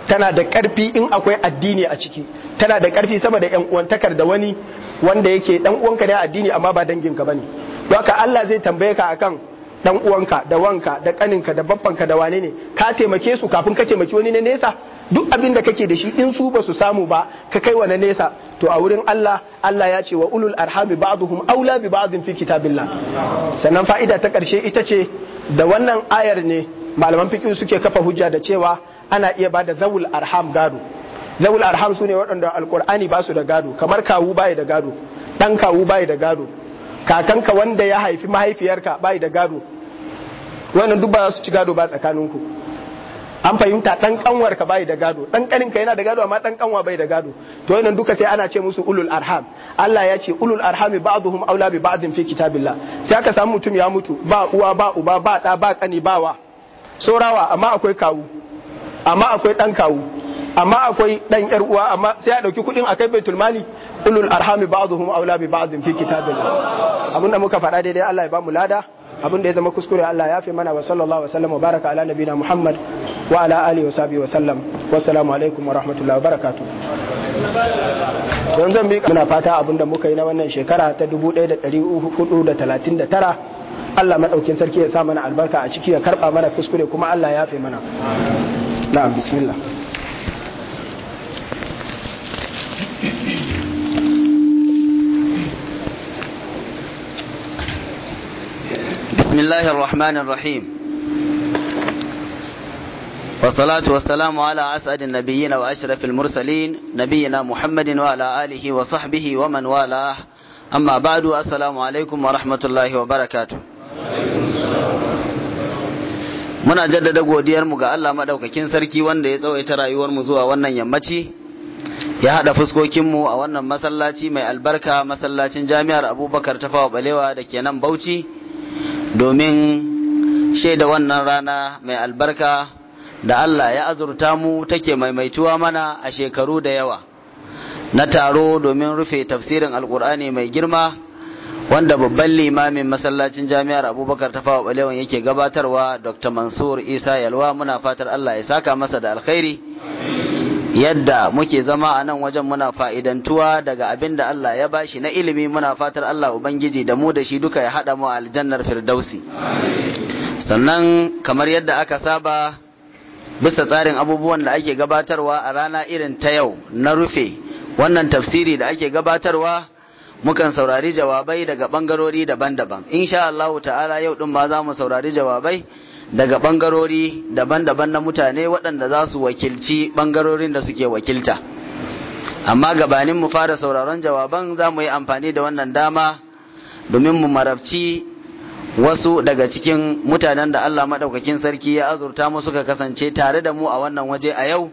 [SPEAKER 1] tana da ƙarfi in akwai addini a ciki tana da ƙarfi sama da yan uwantakar da wani wanda yake dan uwanka ne addini amma ba danginka bane ne haka Allah zai tambaye ka akan dan uwanka da wanka da kaninka da babbanka da wane ne ka taimake su kafin ka taimaki wani na nesa duk abin da kake da shi in su ba su samu ba ka kai wa na nesa to a wurin Allah Allah ya ce wa ulul arhami ba'dhum aula bi ba'dhin fi kitabillah sannan fa'ida ta karshe ita ce da wannan ayar ne malaman fiqh suke kafa hujja da cewa ana iya ba da zawul arham gado zawul arham sune waɗanda alqur'ani ba su da gado kamar kawu bai da gado dan kawu bai da gado kakanka wanda ya haifi mahaifiyarka bai da gado wannan duk ba su ci gado ba tsakaninku an fahimta dan kanwar ka bai da gado dan kanin ka yana da gado amma dan kanwa bai da gado to wannan duka sai ana ce musu ulul arham Allah ya ce ulul arham ba'dhum aula bi ba'din fi kitabillah sai aka samu mutum ya mutu ba uwa ba uba ba da ba kani bawa saurawa amma akwai kawu amma akwai dan kawu amma akwai dan yar uwa amma sai ya dauki kudin akai baitul mali ulul arham ba'dhum aula bi ba'din fi kitabillah abunda muka faɗa daidai Allah ya ba mu lada abin da ya zama kuskure Allah ya fi mana wa sallallahu wa sallam wa baraka ala nabina Muhammad wa ala wa wa sallam alaikum wa rahmatullahi wa don zan bi muna fata abin da muka yi na wannan shekara ta 1439 Allah madaukin sarki ya sa mana albarka a ciki ya karba mana kuskure kuma Allah ya fi mana na'am bismillah
[SPEAKER 5] بسم الله الرحمن الرحيم والصلاة والسلام على أسعد النبيين وأشرف المرسلين نبينا محمد وعلى آله وصحبه ومن والاه أما بعد السلام عليكم ورحمة الله وبركاته muna jaddada godiyarmu ga Allah madaukakin sarki wanda ya tsawaita rayuwarmu zuwa wannan yammaci ya haɗa fuskokinmu a wannan masallaci mai albarka masallacin jami'ar abubakar tafawa balewa da ke nan bauchi domin shaida wannan rana mai albarka da Allah ya azurta mu take maimaituwa mana a shekaru da yawa na taro domin rufe tafsirin alkur'ani mai girma wanda babban limamin masallacin jami'ar abubakar ta fawa balewan yake gabatarwa dr mansur isa yalwa muna fatar Allah ya saka masa da alkhairi yadda muke zama a nan wajen muna fa'idantuwa daga abin da Allah ya bashi na ilimi muna fatar Allah Ubangiji da mu da shi duka ya haɗa mu a aljannar firdausi sannan kamar yadda aka saba bisa tsarin abubuwan da ake gabatarwa a rana irin ta yau na rufe wannan tafsiri da ake gabatarwa mukan saurari jawabai daga ɓangarori daban-daban in sha Allah ta'ala yau ɗin ma za mu saurari jawabai daga bangarori daban-daban na mutane waɗanda za su wakilci bangarorin da suke wakilta amma gabanin mu fara sauraron jawaban za mu yi amfani da wannan dama domin mu marabci wasu daga cikin mutanen da Allah maɗaukakin sarki ya azurta mu suka kasance tare da mu a wannan waje a yau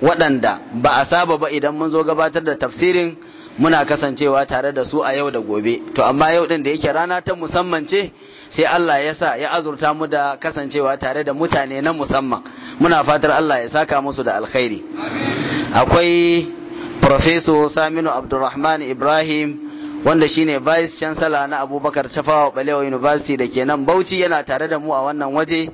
[SPEAKER 5] waɗanda ba a saba ba idan mun zo gabatar da tafsirin muna kasancewa tare da su a yau da gobe to amma yau ɗin da yake rana ta musamman ce sai Allah ya sa ya azurta mu da kasancewa tare da mutane na musamman muna fatar Allah ya saka musu da alkhairi akwai Profeso Saminu Abdulrahman Ibrahim wanda shine vice chancellor na Abubakar Tafawa Balewa University da ke nan Bauchi yana tare da mu a wannan waje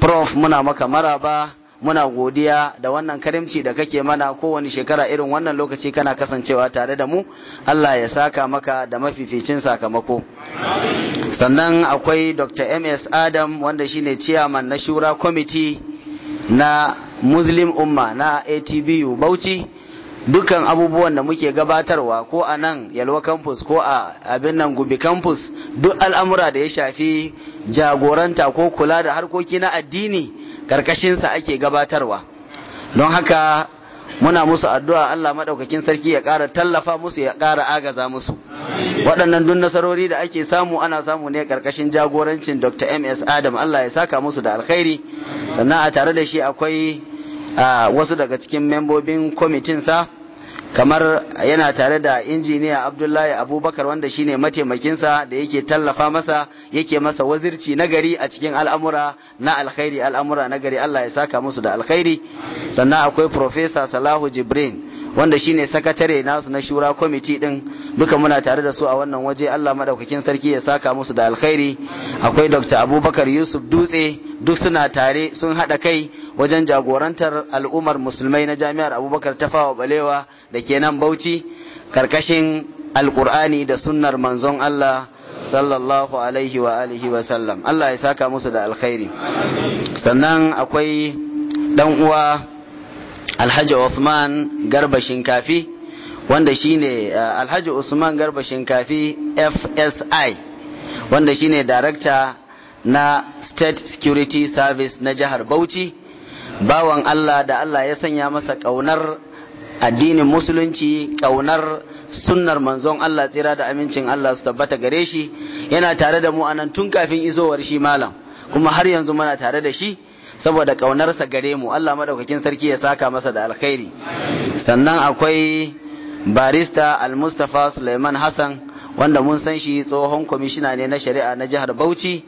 [SPEAKER 5] Prof muna maka maraba muna godiya da wannan karimci da kake mana kowane shekara irin wannan lokaci kana kasancewa tare da mu Allah ya saka maka da mafificin sakamako sannan akwai Dr. MS Adam wanda shine chairman na shura committee na Muslim Umma na ATBU Bauchi dukkan abubuwan da muke gabatarwa ko a nan yalwa campus ko a abin nan gubi campus duk al'amura da ya shafi jagoranta ko kula da harkoki na addini karkashinsa ake gabatarwa don haka muna musu addu'a Allah maɗaukakin sarki ya ƙara tallafa musu ya ƙara agaza musu waɗannan duk nasarori da ake samu ana samu ne ƙarƙashin jagorancin Dr. MS Adam Allah ya saka musu da alkhairi sannan a tare da shi akwai wasu daga cikin membobin kwamitinsa kamar yana tare da injiniya abdullahi abubakar wanda shine mataimakinsa da yake tallafa masa yake masa wazirci nagari a cikin al'amura na alkhairi al'amura na gari allah ya saka musu da alkhairi sannan akwai profesa salahu jibrin wanda shine sakatare nasu na shura kwamiti din duka muna tare da su a wannan waje Allah madaukakin sarki ya saka musu da alkhairi akwai Dr. Abubakar Yusuf Dutse duk suna tare sun hada kai wajen jagorantar al'ummar musulmai na jami'ar Abubakar Tafawa Balewa da ke nan Bauchi karkashin alkur'ani da sunnar manzon Allah sallallahu alaihi wa alihi wa sallam Allah ya saka musu da alkhairi sannan akwai dan uwa alhaji Usman garba shinkafi wanda shine eh, alhaji Usman garba shinkafi FSI wanda shine darakta na State Security Service na jihar Bauchi bawan Allah da Allah ya sanya masa kaunar addinin musulunci kaunar sunnar manzon Allah tsira da amincin Allah su tabbata gare shi yana tare da mu anan tun kafin isowar shi malam kuma har yanzu muna tare da shi saboda ƙaunarsa gare mu Allah madaukakin sarki ya saka masa da alkhairi sannan akwai barista al-mustafa suleiman hassan wanda mun san shi tsohon kwamishina ne na shari'a na jihar bauchi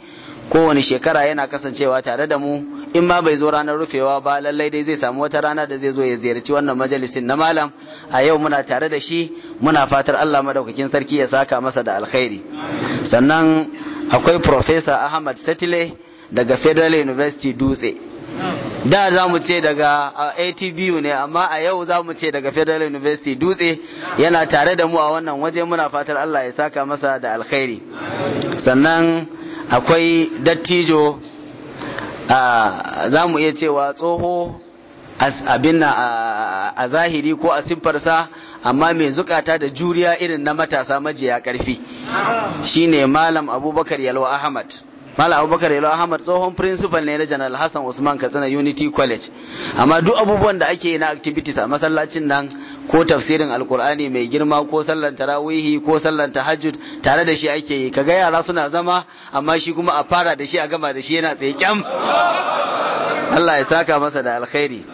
[SPEAKER 5] kowane shekara yana kasancewa tare da mu in ma bai zo ranar rufewa ba lallai dai zai samu wata rana da zai zo ya ziyarci wannan majalisin na malam a yau muna tare da shi muna fatar Allah madaukakin sarki ya saka masa da alkhairi sannan akwai professor Ahmad Satile daga federal university dutse da za mu ce daga atbu ne amma a yau za mu ce daga federal university dutse yana tare da mu a wannan waje muna fatar allah ya saka masa da alkhairi sannan akwai dattijo za mu iya cewa tsoho abin a zahiri ko a siffarsa amma mai zukata da juriya irin na matasa majiya karfi shine malam abubakar yalwa ahmad Malam Abubakar Yalo Ahmad tsohon principal ne na General Hassan Usman Katsina Unity College. Amma duk abubuwan da ake na activities a masallacin nan ko tafsirin Alkur'ani mai girma ko sallar tarawihi ko sallan tahajjud tare da shi ake yi. Kaga yara suna zama amma shi kuma a fara da shi a gama da shi yana tsaye kyam. Allah ya saka masa da alkhairi.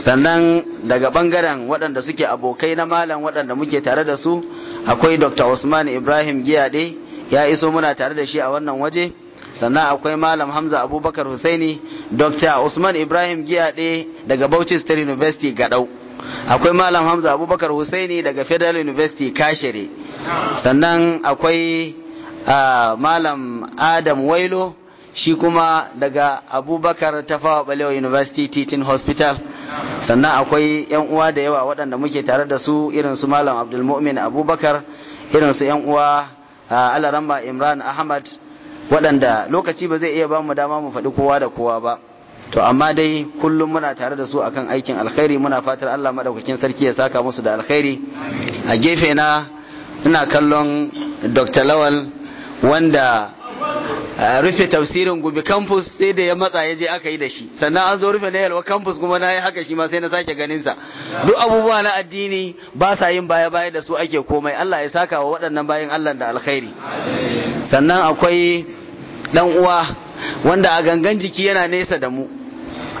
[SPEAKER 5] Sannan daga bangaren waɗanda suke abokai na malam waɗanda muke tare da su akwai Dr. Usman Ibrahim Giyade ya iso muna tare da shi a wannan waje sannan akwai malam hamza abubakar husaini dr usman ibrahim giyaɗe daga bauchi state university gaɗau akwai malam hamza abubakar husaini daga federal university kashere sannan akwai ah, malam adam wailo shi kuma daga abubakar tafawa balewa university teaching hospital sannan akwai yan uwa da yawa waɗanda muke tare da su irin su malam abdulmumin abubakar irin su yan uwa ah, alaramba imran ahmad waɗanda lokaci ba zai iya ba mu dama mu faɗi kowa da kowa ba to amma dai kullum muna tare da su akan aikin alkhairi muna fatar Allah madaukakin sarki ya saka musu da alkhairi a gefe na ina kallon Dr. Lawal wanda rufe tafsirin gubi campus sai da ya matsa ya je aka yi da shi sannan an zo rufe na yalwa campus kuma na yi haka shi ma sai na sake ganin sa duk abubuwa na addini ba sa yin baya baya da su ake komai Allah ya saka wa waɗannan bayin Allah da alkhairi sannan akwai dan uwa wanda a gangan jiki yana nesa da mu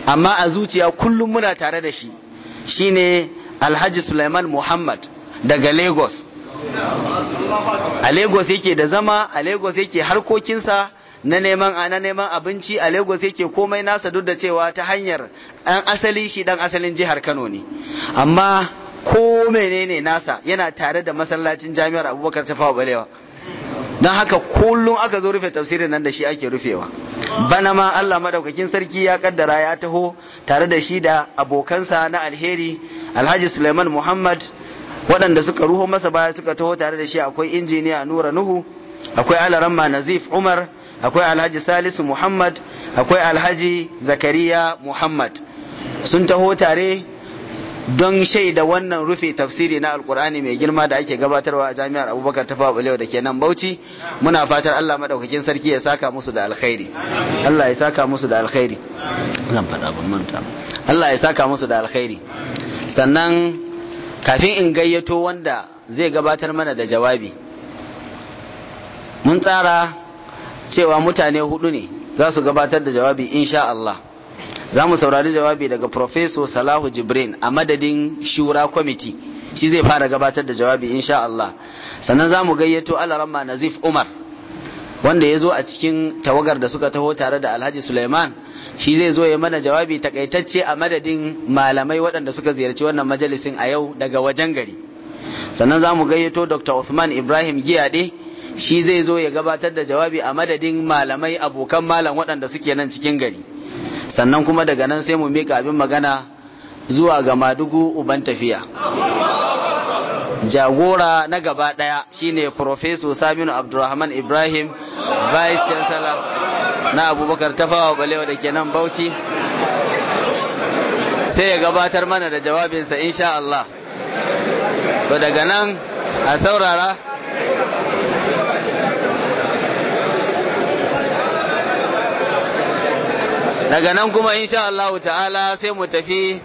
[SPEAKER 5] amma a zuciya kullum muna tare da shi shine alhaji Suleiman Muhammad daga Lagos a Lagos yake da zama a Lagos yake harkokinsa na neman ana neman abinci a Lagos yake komai nasa duk da cewa ta hanyar ɗan asali shi dan asalin jihar Kano ne amma ko menene nasa yana tare da masallacin jami'ar Abubakar Tafawa Balewa don haka kullum aka zo rufe tafsirin nan da shi ake rufewa bana ma Allah madaukakin sarki ya kaddara ya taho tare da shi da abokansa na alheri Alhaji Suleiman Muhammad waɗanda suka ruho masa baya suka taho tare da shi akwai injiniya Nura Nuhu akwai Alaramma Nazif Umar akwai Alhaji Salisu Muhammad akwai Alhaji Zakariya Muhammad sun taho tare don shaida wannan rufe tafsiri na alkur'ani mai girma da ake gabatarwa a jami'ar abubakar ta yau da ke nan bauchi muna fatar allah maɗaukakin sarki ya saka musu da alkhairi allah ya saka musu da alkhairi zan faɗa ban manta allah ya saka musu da alkhairi sannan kafin in gayyato wanda zai gabatar mana da jawabi mun tsara cewa mutane hudu ne za su gabatar da jawabi insha allah za mu saurari jawabi daga Professor Salahu Jibrin a madadin Shura Committee shi zai fara gabatar da jawabi insha Allah sannan za mu gayyato Alaramma Nazif Umar wanda ya zo a cikin tawagar da suka taho tare da Alhaji Suleiman shi zai zo ya mana jawabi takaitacce a madadin malamai waɗanda suka ziyarci wannan majalisin a yau daga wajen gari sannan za mu gayyato Dr. Uthman Ibrahim Giyade shi zai zo ya gabatar da jawabi a madadin malamai abokan malam waɗanda suke nan cikin gari sannan kuma daga nan sai mu mika abin magana zuwa ga madugu uban tafiya jagora na gaba daya shine professor Saminu Abdulrahman Ibrahim vice chancellor na Abubakar Tafawa Balewa da ke nan Bauchi sai ya gabatar mana da jawabinsa insha Allah to daga nan a saurara daga nan kuma insha Allah ta'ala sai mu tafi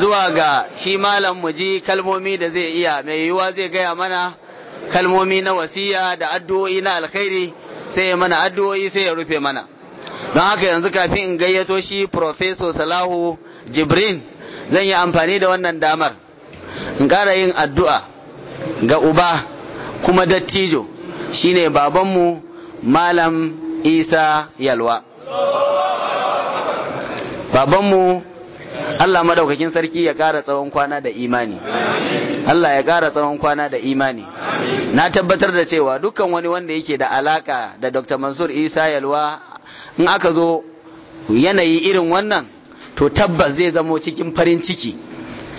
[SPEAKER 5] zuwa ga shi malam mu ji kalmomi da zai iya mai yiwuwa zai gaya mana kalmomi na wasiya da addu'o'i na alkhairi sai ya mana addu'o'i sai ya rufe mana don haka yanzu kafin in gayyato shi professor salahu jibrin zan yi amfani da wannan damar in ƙara yin addu'a ga uba kuma dattijo shine babanmu malam isa yalwa mu. Allah madaukakin sarki ya ƙara tsawon kwana da imani Allah ya ƙara tsawon kwana da imani na tabbatar da cewa dukkan wani wanda yake da alaka da Dr. Mansur Isa Yalwa in aka zo yanayi irin wannan to tabbas zai zamo cikin farin ciki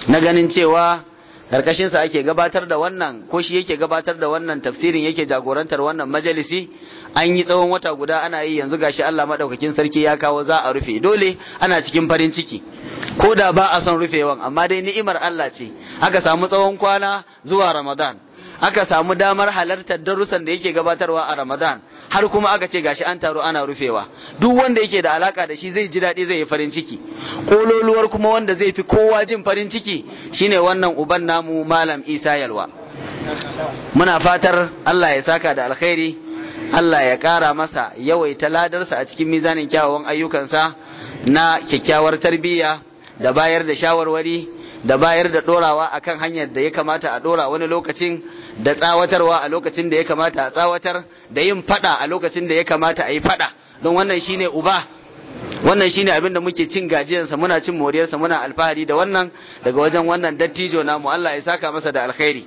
[SPEAKER 5] na ganin cewa karkashin sa ake gabatar da wannan ko shi yake gabatar da wannan tafsirin yake jagorantar wannan majalisi an yi tsawon wata guda ana yi yanzu gashi Allah madaukakin sarki ya kawo za a rufe dole ana cikin farin ciki ko da ba a son rufe rufewan amma dai ni'imar Allah ce aka samu tsawon kwana zuwa Ramadan aka samu damar halartar darussan da yake gabatarwa a Ramadan har kuma aka ce gashi an taro ana rufewa duk wanda yake da alaka da shi zai ji daɗi zai yi farin ciki kololuwar kuma wanda zai fi kowa jin farin ciki shine wannan uban namu malam isa yalwa muna fatar allah ya saka da alkhairi allah ya ƙara masa yawaita ladarsa a cikin mizanin kyawawan ayyukansa na kyakkyawar tarbiyya da bayar da shawarwari da bayar da dorawa akan hanyar da ya kamata a dora wani lokacin da tsawatarwa a lokacin da ya kamata a tsawatar da yin fada a lokacin da ya kamata a yi fada don wannan shine uba wannan shine abin da muke cin gajiyarsa muna cin moriyarsa muna alfahari da wannan daga wajen wannan dattijo na mu Allah ya saka masa da alkhairi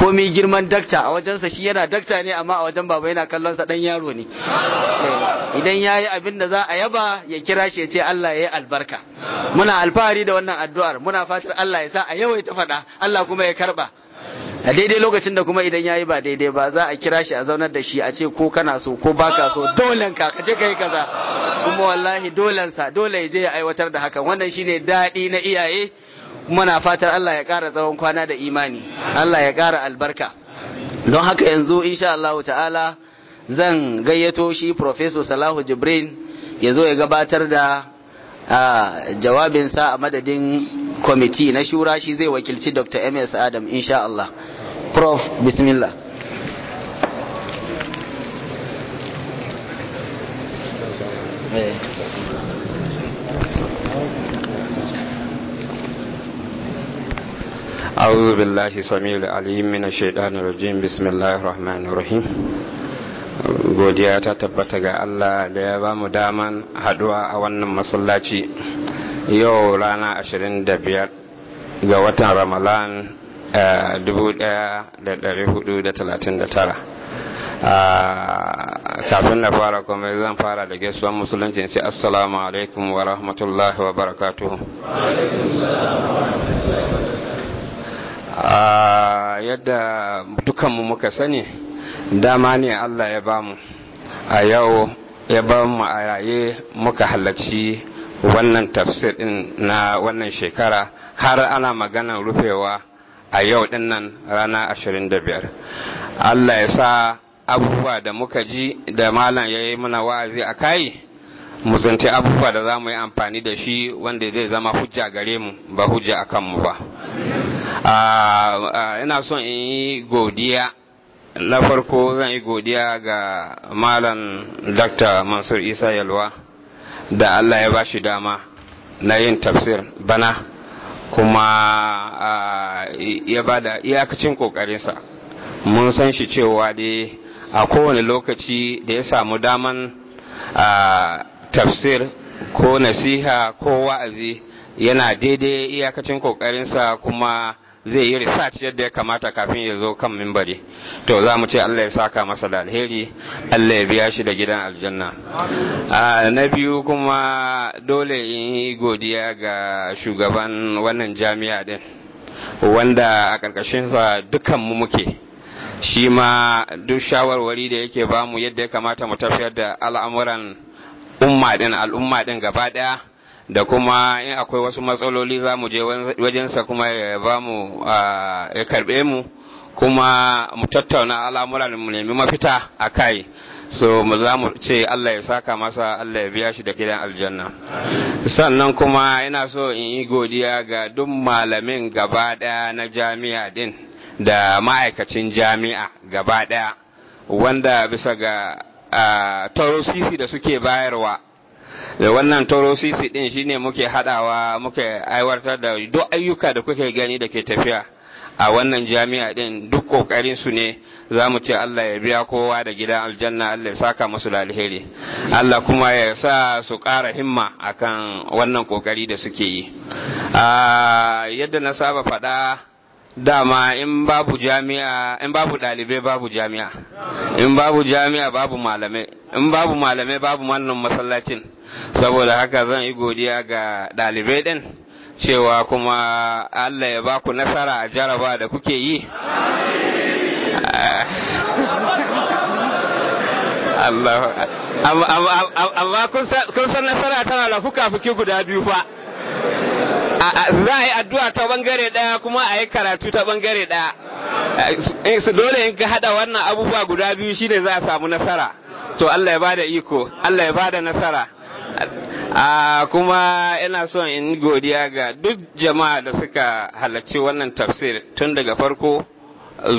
[SPEAKER 5] komai girman dakta a wajensa shi yana dakta ne amma a wajen baba yana kallon sa dan yaro ne
[SPEAKER 3] eh,
[SPEAKER 5] idan yayi abin da za a yaba ya kira shi ya ce Allah ya yi albarka muna alfahari da wannan addu'ar muna fatar Allah ya sa a yawaita faɗa Allah kuma ya karba a daidai lokacin da kuma idan yayi ba daidai ba za a kira shi a zaunar da shi a ce ko kana so ko baka so dolen ka kaje kai kaza kuma wallahi dolen sa dole ya je ya aiwatar da hakan wannan shine daɗi na iyaye muna fatar Allah ya ƙara tsawon kwana da imani Allah ya ƙara albarka don haka yanzu insha Allah ta'ala zan gayyato shi Professor Salahu Jibrin ya zo ya gabatar da a jawabinsa a madadin kwamiti na shura shi zai wakilci dr ms adam insha Allah prof bismillah
[SPEAKER 6] أعوذ بالله سميع العليم من الشيطان الرجيم بسم الله الرحمن الرحيم godiya ta tabbata ga Allah da ya ba mu daman haduwa a wannan masallaci yau rana 25 ga watan ramalan 1439 eh, ah, kafin na fara kuma zan fara da gaisuwan musulunci sai assalamu alaikum wa rahmatullahi wa barakatuhu ah, yadda dukanmu muka sani dama ne Allah ya bamu a yau ya bamu a raye muka halarci wannan tafsir din na wannan shekara har ana maganar rufewa a yau din nan rana 25 Allah ya sa abubuwa da muka ji da malam ya yi mana wa'azi a kai mu tsinci abubuwa da za mu yi amfani da shi wanda zai zama hujja gare mu ba hujja a kanmu ba ah, ah, ina son in yi godiya na farko zan yi godiya ga malam dr mansur isa yalwa da allah ya ba shi dama na yin tafsir bana kuma ya ba da iyakacin kokarinsa mun san shi cewa dai a kowane lokaci da ya samu daman tafsir ko nasiha ko wa'azi yana daidai iyakacin kokarinsa kuma zai yi research yadda ya kamata kafin ya zo kan mimbari to za mu ce Allah ya saka masa da alheri Allah ya biya shi da gidan aljanna na biyu kuma dole in yi godiya ga shugaban wannan jami'a din wanda a ƙarƙashinsa mu muke shi ma duk shawarwari da yake bamu yadda ya kamata mu tafiyar da al'amuran umma din al'umma din gaba ɗaya da kuma in akwai wasu matsaloli za mu je wajensa kuma ya ba mu ya karɓe mu kuma mu tattauna al'amuran mu nemi mafita a kai so mu za mu ce Allah ya saka masa Allah ya biya shi da gidan aljanna sannan kuma ina so in yi godiya ga duk malamin gaba daya na jami'a din da ma'aikacin jami'a gaba daya wanda bisa ga taurosisi da suke bayarwa da wannan toro sisi din shine muke hadawa muke aiwatar da duk ayyuka da kuke gani da ke tafiya a wannan jami'a din duk kokarin su ne za mu ce Allah ya biya kowa da gidan aljanna Allah ya saka musu da alheri Allah kuma ya sa su ƙara himma akan wannan kokari da suke yi yadda na saba faɗa dama in babu jami'a in babu ɗalibai babu jami'a in babu jami'a babu malamai in babu malamai babu wannan masallacin saboda haka zan yi godiya ga ɗalibai ɗin cewa kuma Allah ya baku nasara a jaraba da kuke yi amma kun san nasara tana da fuka-fuki guda biyu fa za a yi addu'a ta bangare ɗaya kuma a yi karatu ta bangare ɗaya dole in ka haɗa wannan abubuwa guda biyu shine za a samu nasara to Allah ya bada iko Allah ya bada nasara kuma ina son in godiya ga duk jama'a da suka halarci wannan tafsir tun daga farko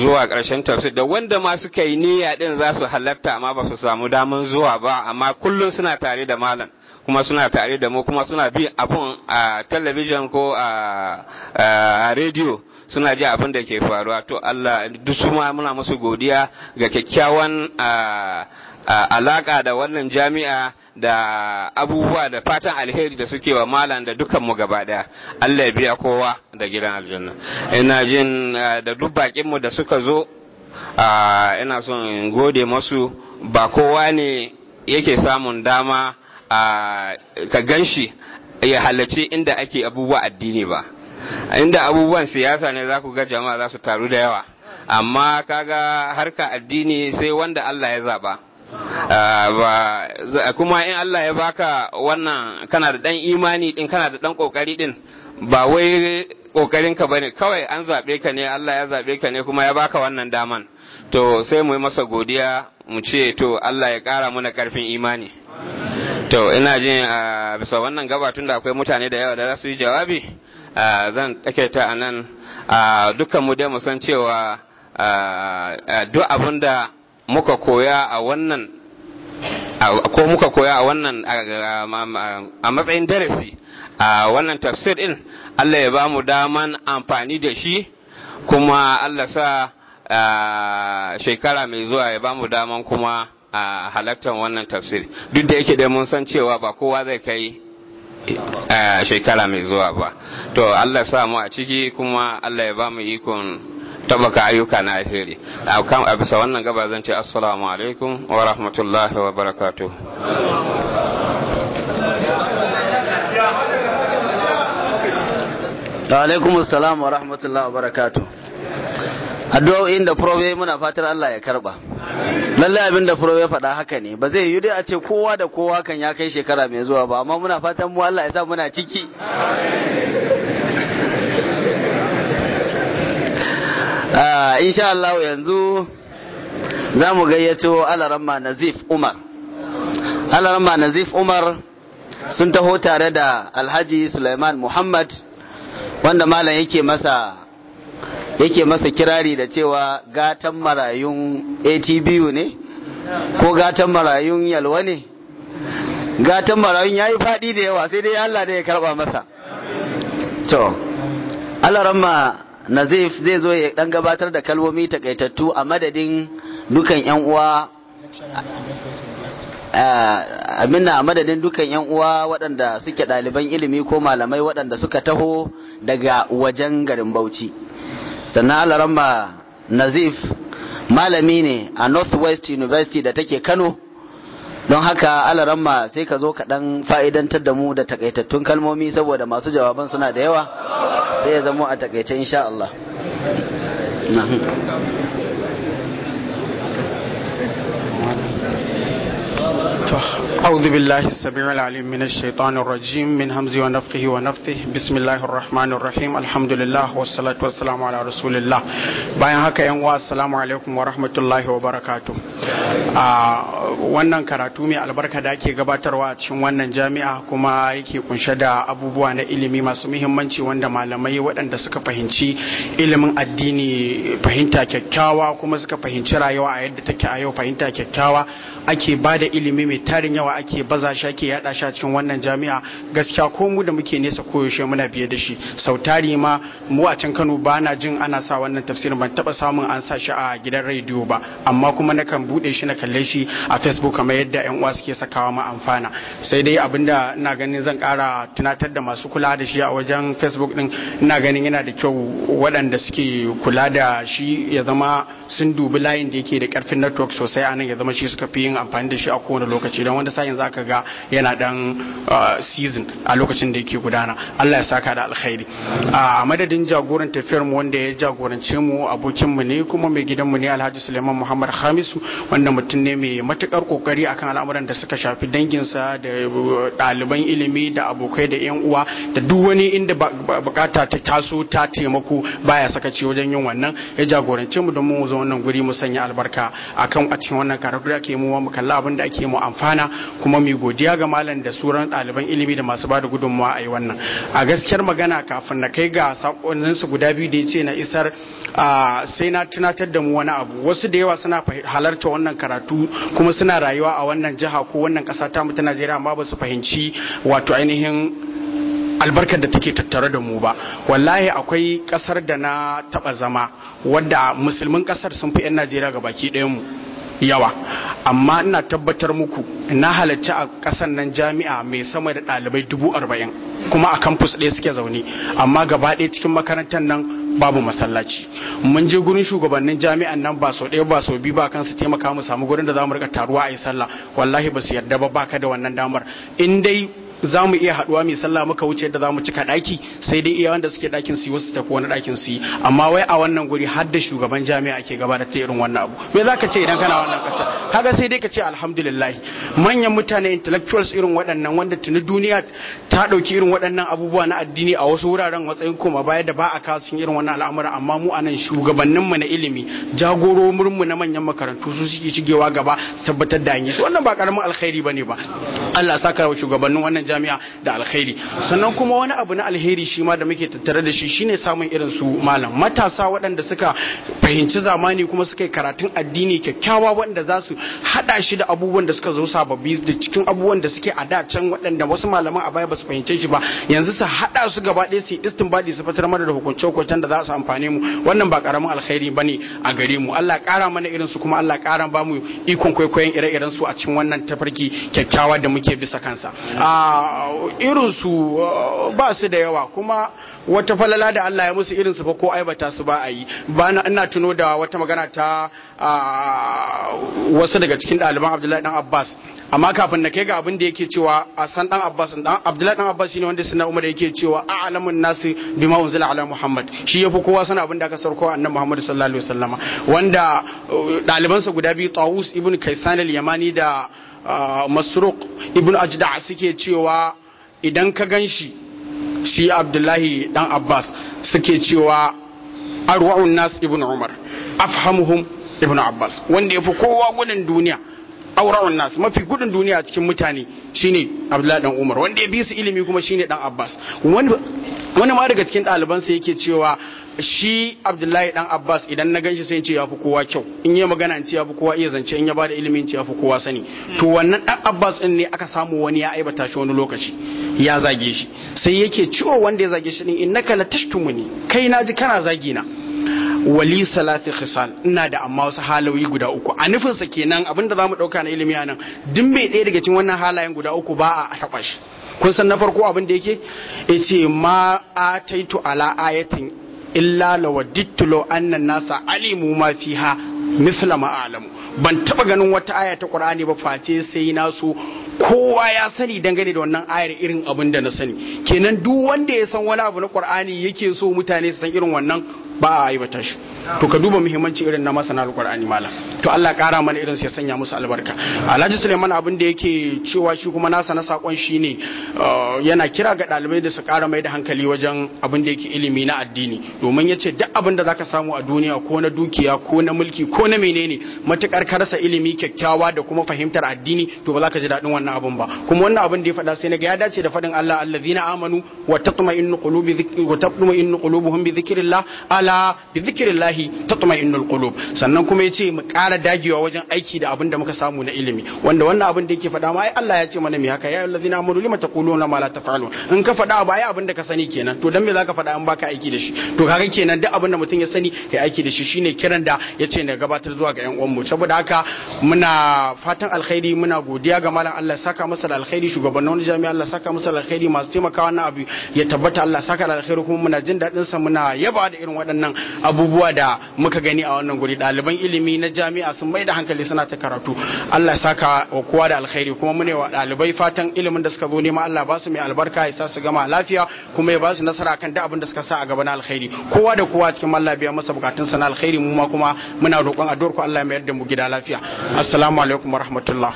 [SPEAKER 6] zuwa ƙarshen tafsir da wanda ma suka yi niyya din za su halarta amma ba su samu damar zuwa ba amma kullum suna tare da malam kuma suna tare da mu kuma suna bi abun a talabijin ko a rediyo suna ji abin da ke faruwa to Allah duk su ma muna musu godiya ga kyakkyawan alaƙa da wannan jami'a da abubuwa da fatan alheri da suke wa malam da dukan mu gaba daya Allah ya biya kowa da gidan aljanna ina jin eh, da duk bakin mu da suka zo ah, ina son in gode masu ba kowa ne yake samun dama ah, ka ganshi ya halarci inda ake abubuwa addini ba inda abubuwan siyasa ne za ku ga jama'a za su taru da yawa amma kaga harka addini sai wanda Allah ya zaba Ah, kuma in Allah ya baka wannan kana da dan imani din kana da ɗan kokari din ba wai kokarin ka bane kawai an zabe ka ne Allah ya zabe ka ne kuma ya baka wannan daman to sai mu yi masa godiya mu ce to Allah ya kara mana karfin imani to ina jin a ah, bisa wannan gaba tun da akwai mutane da yawa da za su yi jawabi ah, zan take ta anan dukkan mu dai mu san cewa duk abinda muka koya a wannan ko muka koya a wannan a matsayin darasi a wannan tafsir din Allah ya ba mu daman amfani da shi kuma Allah sa shekara mai zuwa ya ba mu daman kuma a halartar wannan tafsir duk da yake da mun san cewa ba kowa zai kai shekara mai zuwa ba to Allah sa mu a ciki kuma Allah ya ba mu ikon tabbaka ayyuka na alheri a bisa wannan gaba zan ce assalamu alaikum wa rahmatullahi wa barakatuh
[SPEAKER 5] alaikum assalamu wa rahmatullahi wa barakatuh addu'o'in da furobe muna fatar Allah ya karba lallai abin da furobe faɗa haka ne ba zai yi dai a ce kowa da kowa kan ya kai shekara mai zuwa ba amma muna fatan mu Allah ya sa muna ciki Ah, insha Allah yanzu za mu gayyato alarama nazif umar alarama nazif umar sun taho tare da alhaji suleiman muhammad wanda malam yake masa yake masa kirari da cewa gatan marayun atbu ne ko gatan marayun yalwa ne gatan marayun ya yi faɗi da yawa sai dai allah da ya karɓa masa to alarama nazif zai zo ya dan gabatar da kalmomi takaitattu a madadin dukan yan uwa amina a madadin dukan yan uwa waɗanda suke ɗaliban ilimi ko malamai waɗanda suka taho daga wajen garin bauchi sannan alarama nazif malami ne a northwest university da take kano don haka alaramma sai ka zo kaɗan fa'idantar da mu da takaitattun kalmomi saboda masu jawaban suna da yawa sai ya zamo a takaice insha Allah.
[SPEAKER 7] أعوذ بالله السميع العليم من الشيطان الرجيم من همزه ونفخه ونفثه بسم الله الرحمن الرحيم الحمد لله والصلاة والسلام على رسول الله bayan haka yan uwa assalamu alaikum wa rahmatullahi wa wannan karatu mai albarka da ake gabatarwa a cikin wannan jami'a kuma yake kunshe da abubuwa na ilimi masu muhimmanci wanda malamai waɗanda suka fahimci ilimin addini fahimta kyakkyawa kuma suka fahimci rayuwa a yadda take a yau fahimta kyakkyawa ake ba da ilimi mai tarin yawa ake baza shi ake yada shi a cikin wannan jami'a gaskiya ko mu da muke nesa koyaushe muna biye da shi sau tari ma mu a can Kano ba na jin ana sa wannan tafsirin ban taba samun an sa shi a gidan rediyo ba amma kuma na kan bude shi na kalle shi a Facebook kamar yadda yan uwa suke sakawa ma amfana sai dai abinda ina ganin zan kara tunatar da masu kula da shi a wajen Facebook din ina ganin yana da kyau waɗanda suke kula da shi ya zama sun dubi layin da yake da karfin network sosai a nan ya zama shi suka fi yin amfani da shi a kowane lokaci don wanda za zaka ga yana dan ah, season a lokacin da yake gudana Allah ya saka da alkhairi a madadin jagoran tafiyar mu wanda ya jagorance mu abokin mu ne kuma mai gidan mu ne Alhaji Suleiman Muhammad Hamisu wanda mutum ne mai matukar kokari akan al'amuran da suka shafi danginsa da daliban eh, ilimi da abokai da yan uwa da duk wani inda bukata ta taso ta taimako baya sakaci wajen yin wannan ya jagorance mu don mu zo wannan guri mu sanya albarka akan a cikin wannan karatu da ake mu mu kalla abin da ake mu amfana kuma mu godiya ga malam da suran ɗaliban ilimi da masu bada gudunmawa a yi wannan a gaskiyar magana kafin na kai ga sakonnin su guda biyu da yace na isar sai na tunatar da mu wani abu wasu da yawa suna halarta wannan karatu kuma suna rayuwa a wannan jiha ko wannan ƙasa ta mu ta Najeriya amma ba su fahimci wato ainihin albarkar da take tattare da mu ba wallahi akwai kasar da na taba zama wadda musulmin kasar sun fi 'yan najeriya ga baki ɗayan mu yawa amma ina tabbatar muku na halarci a ƙasar nan jami'a mai sama da ɗalibai dubu arba'in kuma a kampus ɗaya suke zaune amma gaba ɗaya cikin makarantar nan babu masallaci mun je gurin shugabannin jami'an nan ba sau ɗaya ba sau biyu ba kan su taimaka mu samu gurin da za mu riƙa taruwa a yi sallah wallahi ba su yarda ba baka da wannan damar in dai za mu iya haduwa mai sallah muka wuce da za mu cika daki sai dai iya wanda suke dakin su wasu tafi wani dakin su amma wai a wannan guri har da shugaban jami'a ke gabatar da irin wannan abu me zaka ce idan kana wannan kasa kaga sai dai ka ce alhamdulillah manyan mutane intellectuals irin waɗannan wanda tuni duniya ta dauki irin waɗannan abubuwa na addini a wasu wuraren matsayin koma baya da ba a kasu irin wannan al'amuran amma mu anan shugabannin mu na ilimi jagororin mu na manyan makarantu su suke shigewa gaba su tabbatar da an yi su wannan ba karamin alkhairi bane ba Allah saka wa shugabannin wannan jami'a da alkhairi sannan kuma wani abu na alheri shi ma da muke tattare da shi shine samun irin su malam matasa waɗanda suka fahimci zamani kuma suka yi karatun addini kyakkyawa waɗanda za su haɗa shi da abubuwan da suka zo sababbi da cikin abubuwan da suke a da can waɗanda wasu malaman a baya ba su fahimce shi ba yanzu su haɗa su gaba ɗaya su yi istinbadi su fitar mana da hukunce hukuncen da za su amfane mu wannan ba karamin alkhairi ne a gare mu Allah ƙara mana irin su kuma Allah ƙara ba mu ikon kwaikwayon ire-iren su a cikin wannan tafarki kyakkyawa da muke bisa kansa ah, irinsu uh, ba su da yawa kuma wata falala da Allah ya musu irinsu ba ko aibata su ba a yi ba ina tuno da wata magana ta uh, wasu daga cikin ɗaliban Abdullahi dan Abbas amma kafin na kai ga abin da yake cewa a san dan Abbas dan Abdullahi dan Abbas shine wanda sunna Umar yake cewa a alamun bi bima unzila ala Muhammad shi yafi kowa sana abin da aka sarko annabi Muhammad sallallahu alaihi wasallama wanda uh, ɗalibansa guda biyu Tawus ibn Kaisan al-Yamani da Masruk ibn ajda suke cewa idan ka gan shi shi abdullahi dan abbas suke cewa arwa'un nas ibn umar afhamuhum ibn abbas wanda ya kowa gudun duniya aura'un nas mafi gudun duniya cikin mutane shine abdullahi dan umar wanda ya bi su ilimi kuma shine dan abbas wani ma daga cikin ɗalibansa yake cewa shi abdullahi dan abbas idan na ganshi sai in ce ya fi kowa kyau in yi magana in ce ya fi kowa iya zance in ya bada ilimi in ce ya fi kowa sani to wannan dan abbas din ne aka samu wani ya aibata shi wani lokaci ya zage shi sai yake ciwo wanda ya zage shi din innaka latashtumuni kai na ji kana zagi na wali salati khisal ina da amma wasu halawi guda uku a nufinsa kenan abinda zamu dauka na ilimi anan duk bai daya daga cikin wannan halayen guda uku ba a taba shi kun san na farko abin da yake yace ma ataitu ala ayatin illa lawadittu law anna nasa alimu ma fiha misla ma alamu ban taba ganin wata aya ta qur'ani ba face sai na so kowa ya sani dangane da wannan ayar irin abin da na sani kenan duk wanda ya san wani abu na qur'ani yake so mutane su san irin wannan ba a aibata shi to ka duba muhimmancin irin na masana alqur'ani malam to Allah kara mana irin ya sanya musu albarka Alhaji Suleiman abin da yake cewa shi kuma nasa na sakon shi ne uh, yana kira ga dalibai da su kara mai da hankali wajen abin da yake ilimi na addini domin yace duk abin da zaka samu a duniya ko na dukiya ko na mulki ko na menene matukar ka rasa ilimi kyakkyawa da kuma fahimtar addini to ba za ka ji daɗin wannan abin ba kuma wannan abin da ya faɗa sai na ga ya dace da faɗin Allah allazina amanu wa tatma'innu qulubi wa tatma'innu qulubuhum bi dhikrillah ala bi dhikrillah lillahi tatma'innul qulub sannan kuma yace mu ƙara dagewa wajen aiki da abin da muka samu na ilimi wanda wannan abin da yake faɗa ma ai Allah ya ce mana me haka ya ayyuhallazina amanu lima taquluna ma la taf'alun in ka faɗa ba ai abin da ka sani kenan to dan me zaka faɗa in baka aiki da shi to kaga kenan duk abin da mutum ya sani kai aiki da shi shine kiran da yace ne gabatar zuwa ga yan uwan mu saboda haka muna fatan alkhairi muna godiya ga malam Allah saka masa da alkhairi shugabannin wani jami'a Allah saka masa alkhairi masu taimakawa na abu ya tabbata Allah saka da alkhairi kuma muna jin daɗin sa muna yaba da irin waɗannan abubuwa da da muka gani a wannan guri ɗaliban ilimi na jami'a sun mai da hankali suna ta karatu Allah ya saka wa kowa da alkhairi kuma mune wa ɗalibai fatan ilimin da suka zo nema Allah ba su mai albarka ya sa su gama lafiya kuma ya ba su nasara kan duk abin da suka sa a gaba na alkhairi kowa da kowa cikin Allah biya masa bukatun sa na alkhairi mu ma kuma muna roƙon addu'ar ku Allah ya mayar da mu gida lafiya assalamu alaikum warahmatullah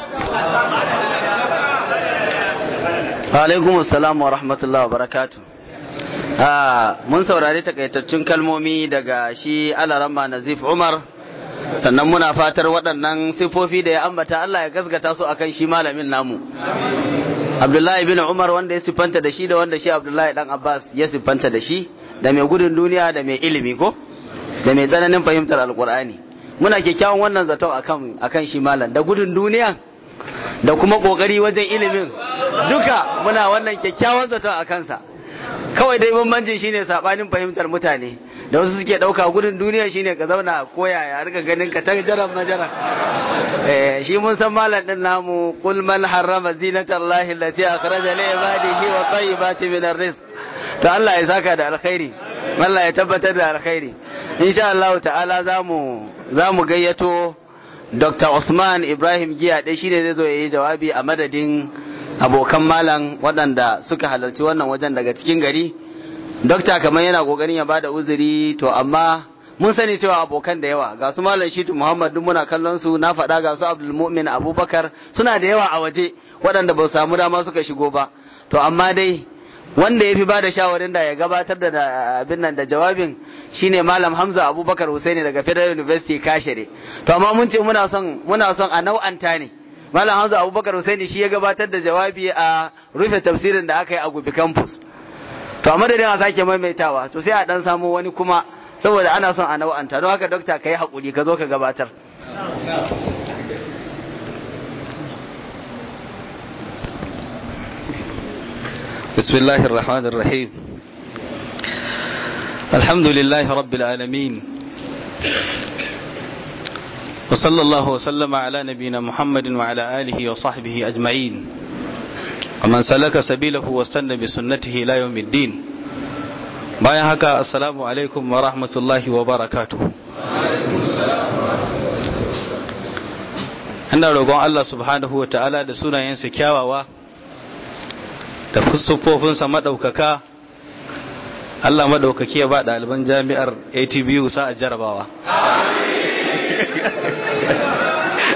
[SPEAKER 5] alaikum assalam wa rahmatulah wa barakatu. Ah, mun saurari takaitaccen kalmomi daga shi alarama nazif umar sannan muna fatar waɗannan sifofi da ya ambata Allah ya gasgata su akan shi malamin namu abdullahi bin umar wanda ya siffanta da shi da wanda shi abdullahi dan abbas ya siffanta da shi da mai gudun duniya da mai ilimi ko da mai tsananin fahimtar alkur'ani muna kyakkyawan wannan zato akan akan shi malam da gudun duniya da kuma kokari wajen ilimin duka muna wannan kyakkyawan zato a kansa kawai dai bambancin shine sabanin fahimtar mutane da wasu suke dauka gudun duniya shine ka zauna koya ya rika ganin ka tanjaran majaran eh shi mun san malam din namu qul man harrama zinatallahi allati akhraja li ibadihi wa tayyibati min arrizq to Allah ya saka da alkhairi Allah ya tabbatar da alkhairi insha Allah ta'ala zamu zamu gayyato Dr. Usman Ibrahim Giya dai shine zai zo ya yi jawabi a madadin abokan malam waɗanda suka halarci wannan wajen daga cikin gari dokta kamar yana kokarin ya bada uzuri to amma mun sani cewa abokan da yawa ga su malam shitu muhammad duk muna kallon su na faɗa ga su abdul abubakar suna da yawa a waje waɗanda ba su samu dama suka shigo ba to amma dai wanda ya fi ba da shawarin da ya gabatar da abin nan da jawabin shine malam hamza abubakar husaini daga federal university kashere to amma mun ce muna son a nau'anta ne malam hamza abubakar husaini shi ya gabatar da jawabi a rufe tafsirin da aka yi a gubi campus to a madadin a sake maimaitawa to sai a dan samu wani kuma saboda ana son a nau'anta don haka dokta ka yi haƙuri ka zo ka gabatar
[SPEAKER 8] بسم الله الرحمن الرحيم الحمد لله وصلى الله وسلم على نبينا محمد وعلى آله وصحبه أجمعين ومن سلك سبيله واستنى بسنته إلى يوم الدين bayan haka assalamu alaikum wa rahmatullahi wa ina rogon Allah subhanahu wa ta'ala da sunayensa kyawawa da fusuffofinsa maɗaukaka Allah maɗaukaki ya ba ɗaliban jami'ar ATBU sa a jarabawa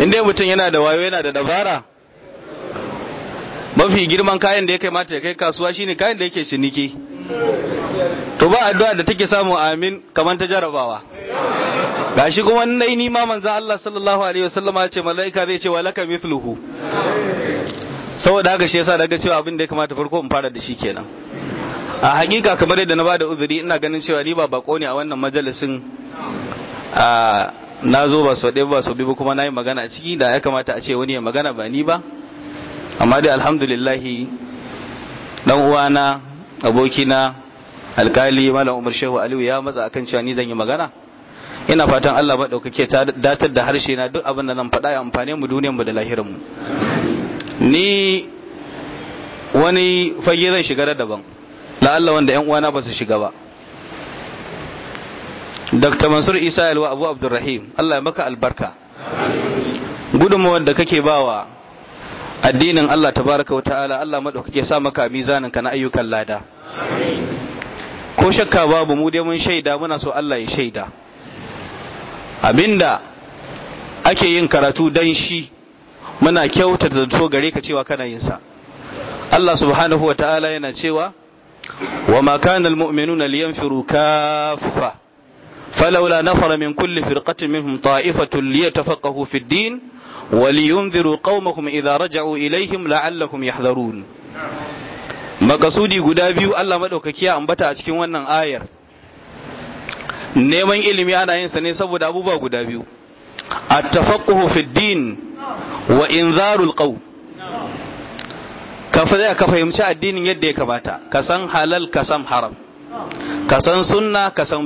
[SPEAKER 8] in dai mutum yana da wayo yana da dabara mafi girman kayan da ya kai mata ya kai kasuwa shine kayan da yake ciniki to ba addu'a da take samu amin kamar ta jarabawa gashi kuma nai ni ma manzo Allah sallallahu alaihi wasallama ce malaika zai ce walaka mithluhu saboda haka shi yasa daga cewa abin da ya kamata farko in fara da shi kenan a hakika kamar yadda na bada uzuri ina ganin cewa ni ba bako ne a wannan majalisin na zo ba sau ɗaya ba sau biyu kuma na yi magana a ciki da ya kamata a ce wani ya magana ba ni ba amma dai alhamdulillahi dan uwana abokina alkali malam umar shehu aliyu ya matsa akan cewa ni zan yi magana ina fatan Allah maɗaukake ta datar da harshe na duk abin da zan faɗa ya amfane mu duniyar mu da lahirin mu ni wani fage zan shiga daban la'alla wanda yan uwana ba su shiga ba Dr. Mansur Isa Yalwa Abu Abdurrahim Allah ya maka albarka gudunmawar da kake bawa addinin Allah tabaraka wa ta'ala Allah kake sa maka mizanin ka na ayyukan lada ko shakka babu mu dai mun shaida muna so Allah ya shaida abinda ake yin karatu dan shi muna kyauta da so gare ka cewa kana yinsa. Allah subhanahu wa ta'ala yana cewa wa ma kana na muminuna liyanfiru kaffa فلولا نفر من كل فرقة منهم طائفة ليتفقهوا في الدين ولينذروا قومهم إذا رجعوا إليهم لعلهم يحذرون
[SPEAKER 3] makasudi guda
[SPEAKER 8] biyu Allah maɗaukaki ya ambata a cikin wannan ayar neman ilimi ana yinsa ne saboda abubuwa guda biyu at-tafaqquhu fi din wa inzarul qaw ka ka fahimci addinin yadda ya kamata ka san halal ka san haram ka san sunna ka san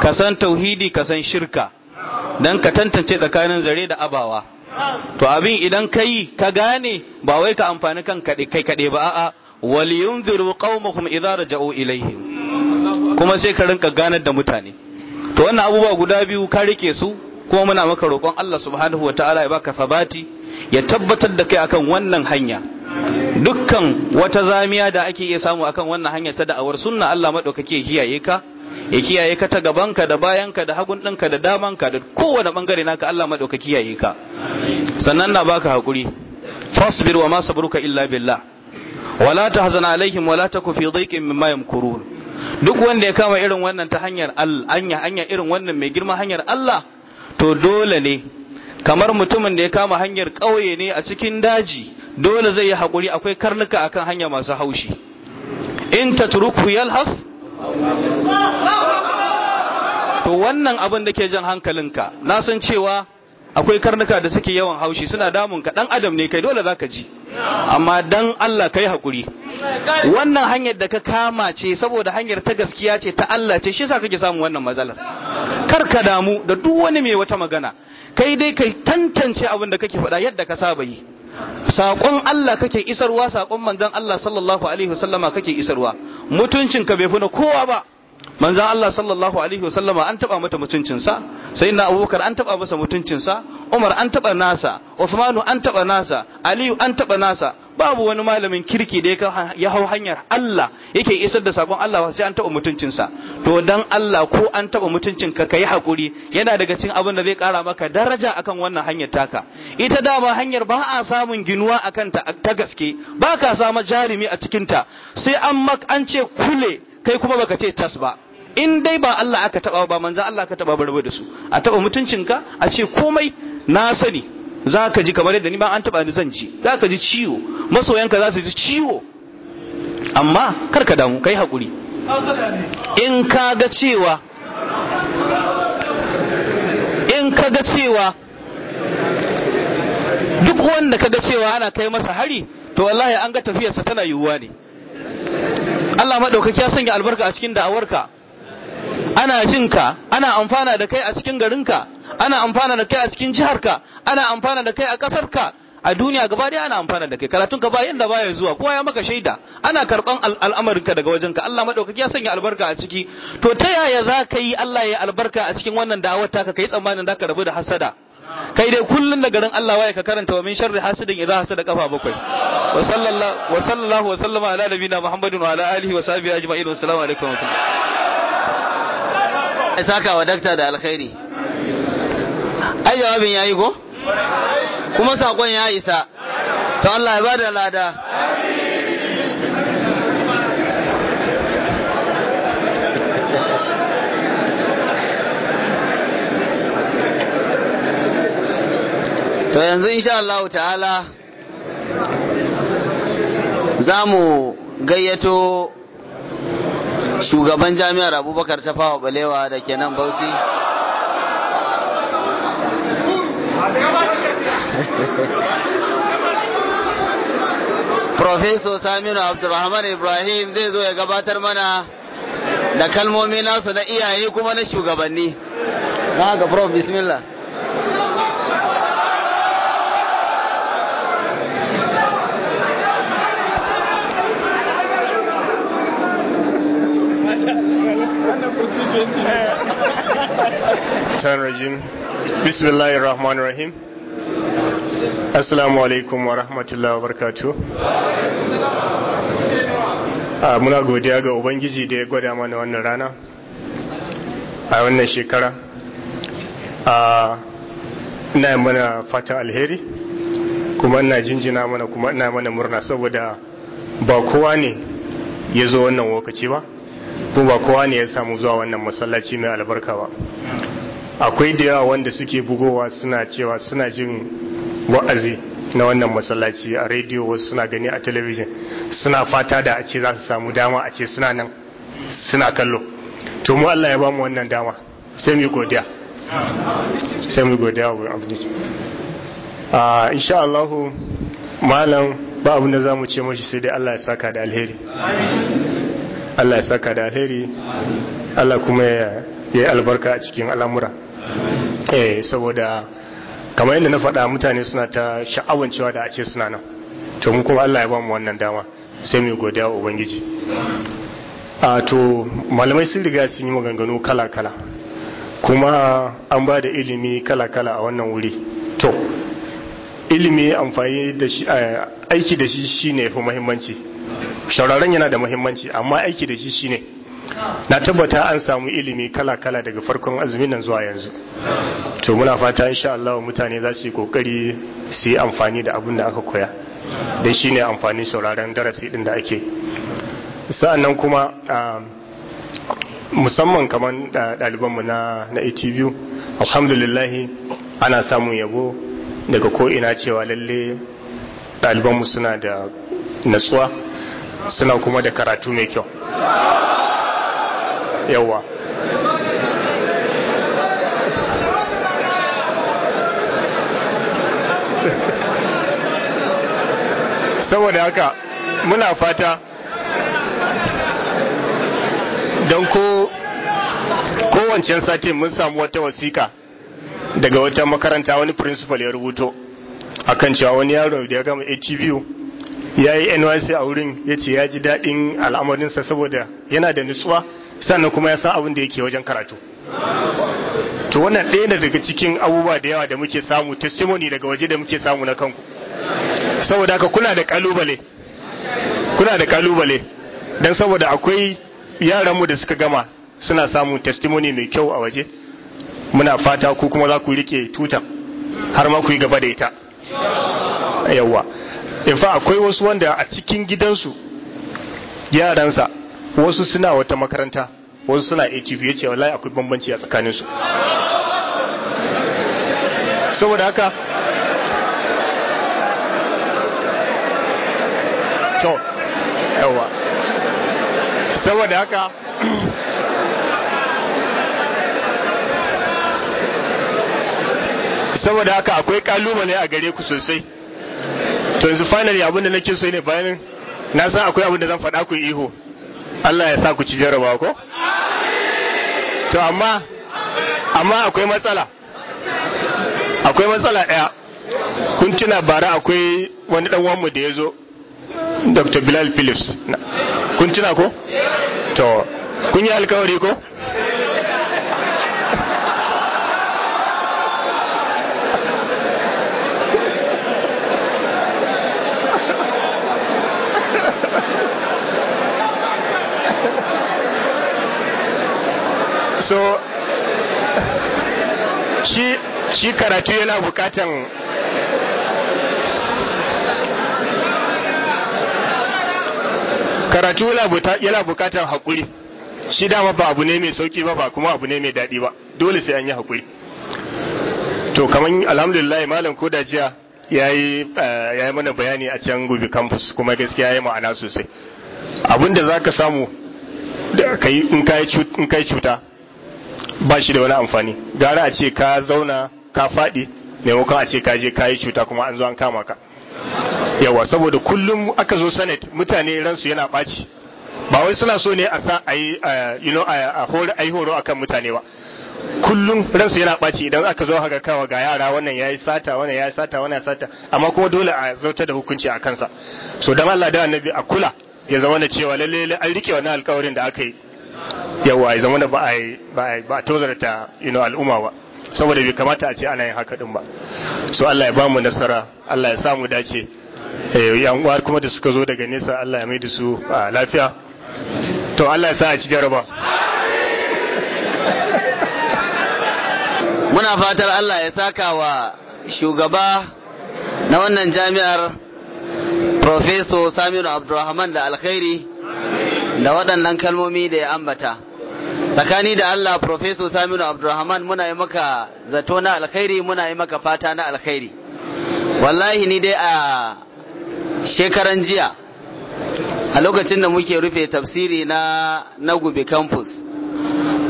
[SPEAKER 8] ka san tauhidi ka san shirka dan ka tantance tsakanin zare da abawa to abin idan ka ka gane ba wai ka amfani kan kai kaɗe ba a'a waliyunziru kuma idza raja'u ilaihim kuma sai ka rinka ganar da mutane to wannan abubuwa guda biyu ka rike su kuma muna maka roƙon Allah subhanahu wa ta'ala ya baka sabati ya tabbatar da kai akan wannan hanya dukkan wata zamiya da ake iya samu akan wannan hanya ta da'awar sunna Allah madaukake kiyaye ka ya kiyaye ka ta gabanka da bayanka da hagun ɗinka da damanka da kowane bangare naka Allah maɗauka kiyaye ka sannan na baka hakuri fasbir wa ma sabruka illa billah wala tahzan alaihim wala taku fi dhiqin mimma yamkurun duk wanda ya kama irin wannan ta hanyar Allah hanya irin wannan mai girma hanyar Allah to dole ne kamar mutumin da ya kama hanyar ƙauye ne a cikin daji dole zai yi hakuri akwai karnuka akan hanya masu haushi in tatruku yalhas to wannan abin da ke jan hankalinka na san cewa akwai karnuka da suke yawan haushi suna damun ka dan adam ne kai dole za ka ji amma dan Allah kai hakuri wannan hanyar da ka kama ce saboda hanyar ta gaskiya ce ta Allah ce shi yasa kake samu wannan matsalar kar ka damu da duk wani mai wata magana kai dai kai tantance abin da kake faɗa yadda ka saba yi saƙon Allah kake isarwa saƙon manzon Allah sallallahu alaihi wasallama kake isarwa mutuncinka bai fi na kowa ba manzan Allah sallallahu alaihi wasallama an taba mata mutuncinsa sai na abubakar an taba masa mutuncinsa umar an taba nasa usmanu an taba nasa aliyu an taba nasa babu wani malamin kirki da ya hau hanyar Allah yake isar da sakon Allah sai an taɓa mutuncinsa to dan Allah ko an taɓa mutuncin ka yi hakuri yana daga cikin abin da zai ƙara maka daraja akan wannan hanyar taka ita dama hanyar ba a samun ginuwa akan ta ta gaske ba ka samu jarumi a cikin ta sai an mak an ce kule kai kuma baka ce tas ba in dai ba Allah aka taɓa ba manzo Allah ka taɓa barbar da su a taɓa mutuncinka a ce komai na sani za ka ji kamar yadda ni ba an taba ni zan ji za ka ji ciwo masoyanka za su ji ciwo amma kar ka damu kai hakuri in ka ga cewa in ka ga cewa duk wanda ka ga cewa ana kai masa hari to wallahi an ga tafiyarsa tana yiwuwa ne Allah maɗaukaki ya sanya albarka a cikin da'awarka ana jinka ana amfana da kai a cikin garinka ana amfana da kai a cikin jiharka ana amfana da kai a ƙasarka a duniya gaba daya ana amfana da kai karatun ka ba yanda baya zuwa kowa ya maka shaida ana karɓan al'amarinka daga wajenka Allah madaukaki ya sanya albarka a ciki to ta yaya za ka yi Allah ya albarka a cikin wannan da'awar taka kai tsammanin ka rabu da hasada kai dai kullun da garin Allah waye ka karanta wa min sharri hasidin idza hasada kafa bakwai wa sallallahu wa sallallahu wa sallama ala nabina muhammadin wa ala alihi wa sahbihi ajma'in wa assalamu alaikum wa rahmatullahi saka wa dakta da
[SPEAKER 5] alkhairi ai jawabin yayi ko kuma sakon ya isa to Allah ya bada lada to yanzu insha Allah ta'ala za mu gayyato shugaban jami'ar abubakar ta fawa balewa da ke nan bauchi Profeso Saminu Abdulrahman Ibrahim zai zo ya gabatar mana da kalmomi nasu na iyaye kuma na shugabanni. Na ga Prof. Bismillah.
[SPEAKER 3] Turn regime. bismillahir rahim assalamu alaikum wa rahmatullahi wa barakatuh ah, muna godiya ga ubangiji da ya gwada mana wannan rana a wannan shekara ah, ina mana fata alheri kuma ina jinjina mana kuma ina mana murna saboda ba kowa ne ya zo wannan wakaci ba kuma ba kowa ne ya samu zuwa wannan masallaci mai albarka ba akwai da yawa wanda suke bugowa suna cewa suna jin wa'azi na wannan masallaci a rediyo wasu suna gani a talabijin suna fata da a ce za su samu dama a ce suna nan suna kallo to mu Allah ya mu wannan dama sai mu godiya sai mu godiya wa abinci a insha Allah malam ba abin da zamu ce mashi sai dai Allah ya saka da alheri Allah ya saka da alheri Allah kuma ya yi albarka a cikin al'amura eh saboda kamar yadda na faɗa mutane suna ta sha'awar cewa da a ce suna nan to mu kuma Allah ya ba mu wannan dama sai mu godiya wa ubangiji a to malamai sun riga sun yi maganganu kala kala kuma an ba da ilimi kala kala a wannan wuri to ilimi amfani da shi eh, aiki da shi shine fi muhimmanci shauraron yana da muhimmanci amma aiki da shi shine na tabbata an samu ilimi kala-kala daga farkon azumin nan zuwa yanzu to muna fata insha Allah mutane za su yi kokari su yi amfani da abin da aka koya dan shine amfani sauraron darasi din da ake sa'annan kuma ah, musamman kamar ɗalibanmu na na ATV alhamdulillah ana samun yabo daga ko ina cewa lalle ɗalibanmu suna da natsuwa suna kuma da karatu mai kyau yawa saboda haka muna fata don ko kowancen satin mun samu wata wasiƙa daga wata makaranta wani principal ya rubuto akan cewa wani yaro da ya gama hbu ya yi nyc a wurin ya ce ya ji daɗin al'amarinsa saboda yana da nutsuwa sannan kuma ya san abin da yake wajen karatu to wannan ɗaya ne daga cikin abubuwa da yawa da muke samu testimony daga waje da muke samu na kanku saboda haka kuna da kalubale kuna da kalubale don saboda akwai yaranmu da suka gama suna samu testimony mai kyau a waje muna fata ku kuma za ku rike tutan har ma ku yi gaba da ita yawa in fa akwai wasu wanda a cikin gidansu yaransa wasu suna wata makaranta wasu suna ATP ya ce wallahi akwai bambanci a tsakanin su saboda haka to yawa saboda haka saboda haka akwai kalubale a gare ku sosai to yanzu finally abinda nake so ne bayan na san akwai abinda zan faɗa ku iho Allah ya sa ku ci jaraba ko to amma amma akwai matsala akwai matsala ɗaya kun tuna bara akwai wani ɗanwanmu da ya zo dr bilal phillips kun tuna ko to kun yi alkawari ko so shi shi karatu yana bukatan karatu yana bukatan haƙuri shi dama ba abu ne mai sauƙi ba ba kuma abu ne mai daɗi ba dole sai an yi haƙuri to kamar alhamdulillah malam ko da jiya ya yi eh, mana bayani a can gobe campus kuma gaskiya ya yi ma'ana sosai abinda za ka samu da in ka cuta ba shi da wani amfani gara a ce ka zauna ka faɗi maimakon a ce ka je ka yi cuta kuma an zo an kama ka yawa saboda kullum aka zo sanet mutane ransu yana ɓaci ba wai suna so ne a sa a yi a horo akan mutane ba kullum ransu yana ɓaci idan aka zo haka kawa ga yara wannan ya yi sata wannan ya yi sata wannan ya sata amma kuma dole a zauta da hukunci a kansa so dan Allah da annabi a kula ya zama na cewa lalle an rike wannan alƙawarin da aka yi yawa ya zama da ba a tozarta al'umma ba saboda bai kamata a ce ana yin haka din ba so Allah ya ba mu nasara Allah ya samu dace eh, yan uwar kuma da suka zo daga nesa Allah ya mai da su a lafiya to Allah ya sa a ci jaraba
[SPEAKER 5] muna fatar Allah ya saka wa shugaba na wannan jami'ar Profeso Saminu Abdulrahman da alkhairi da waɗannan kalmomi da ya ambata tsakani da Allah Profeso Saminu Abdulrahman muna yi maka zato na alkhairi muna yi maka fata na alkhairi wallahi ni dai a shekaran jiya a lokacin da muke rufe tafsiri na na gube campus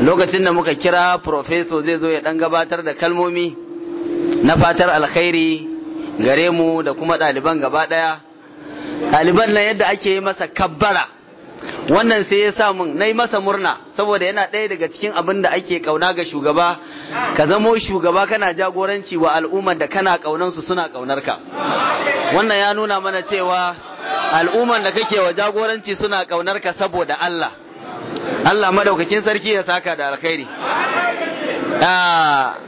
[SPEAKER 5] lokacin da muka kira Profeso zai zo ya ɗan gabatar da kalmomi na fatar alkhairi gare mu da kuma ɗaliban gaba ɗaya ɗaliban na yadda ake yi masa kabbara wannan sai ya sa mun nai masa murna saboda yana ɗaya daga cikin abin da ake kauna ga shugaba ka zamo shugaba kana jagoranci wa al'ummar da kana kaunan su suna kaunar ka wannan ya nuna mana cewa al'ummar da kake wa jagoranci suna kaunar ka saboda Allah Allah madaukakin sarki ya saka da alkhairi ah,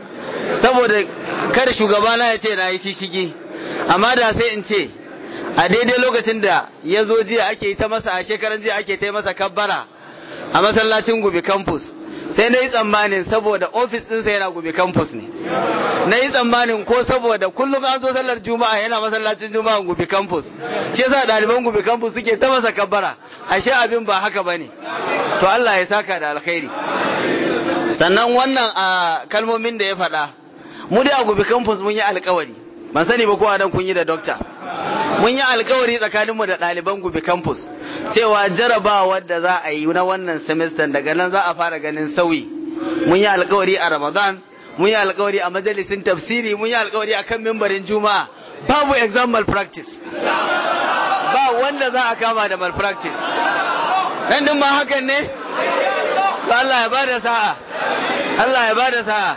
[SPEAKER 5] saboda kada shugaba na ya ce na yi shishigi amma da sai in ce a daidai lokacin da ya zo jiya ake ta masa a shekaran jiya ake ta masa kabbara a masallacin gube campus sai na yi tsammanin saboda ofis ɗinsa yana gube campus ne na yi tsammanin ko saboda kullum an zo sallar juma'a yana masallacin juma'a gube campus shi yasa ɗaliban gube campus suke ta masa kabbara ashe abin ba haka bane to Allah ya saka da alkhairi sannan wannan a kalmomin da ya faɗa mu dai a gube campus mun yi alkawari ban sani ba ko a dan kun yi da doctor mun yi alkawari tsakaninmu da ɗaliban Gube campus cewa jarabawar da za a yi na wannan semester daga nan za a fara ganin sauyi mun yi alkawari a Ramadan mun yi alkawari a majalisin tafsiri mun yi alkawari a kan mimbarin Juma'a babu exam malpractice ba wanda za a kama da malpractice nan din ma hakan ne Allah ya da sa'a Allah ya bada sa'a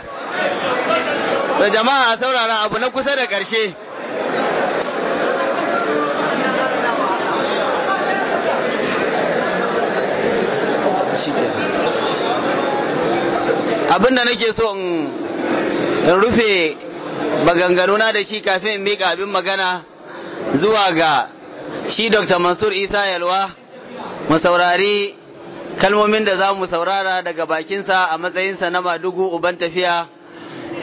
[SPEAKER 5] da jama'a a saurara abu na kusa da ƙarshe shi ke abinda nake so in rufe maganganuna da shi kafin in miƙa abin magana zuwa ga shi dr mansur isa yalwa mu saurari kalmomin da za mu saurara daga bakinsa a matsayinsa na madugu uban tafiya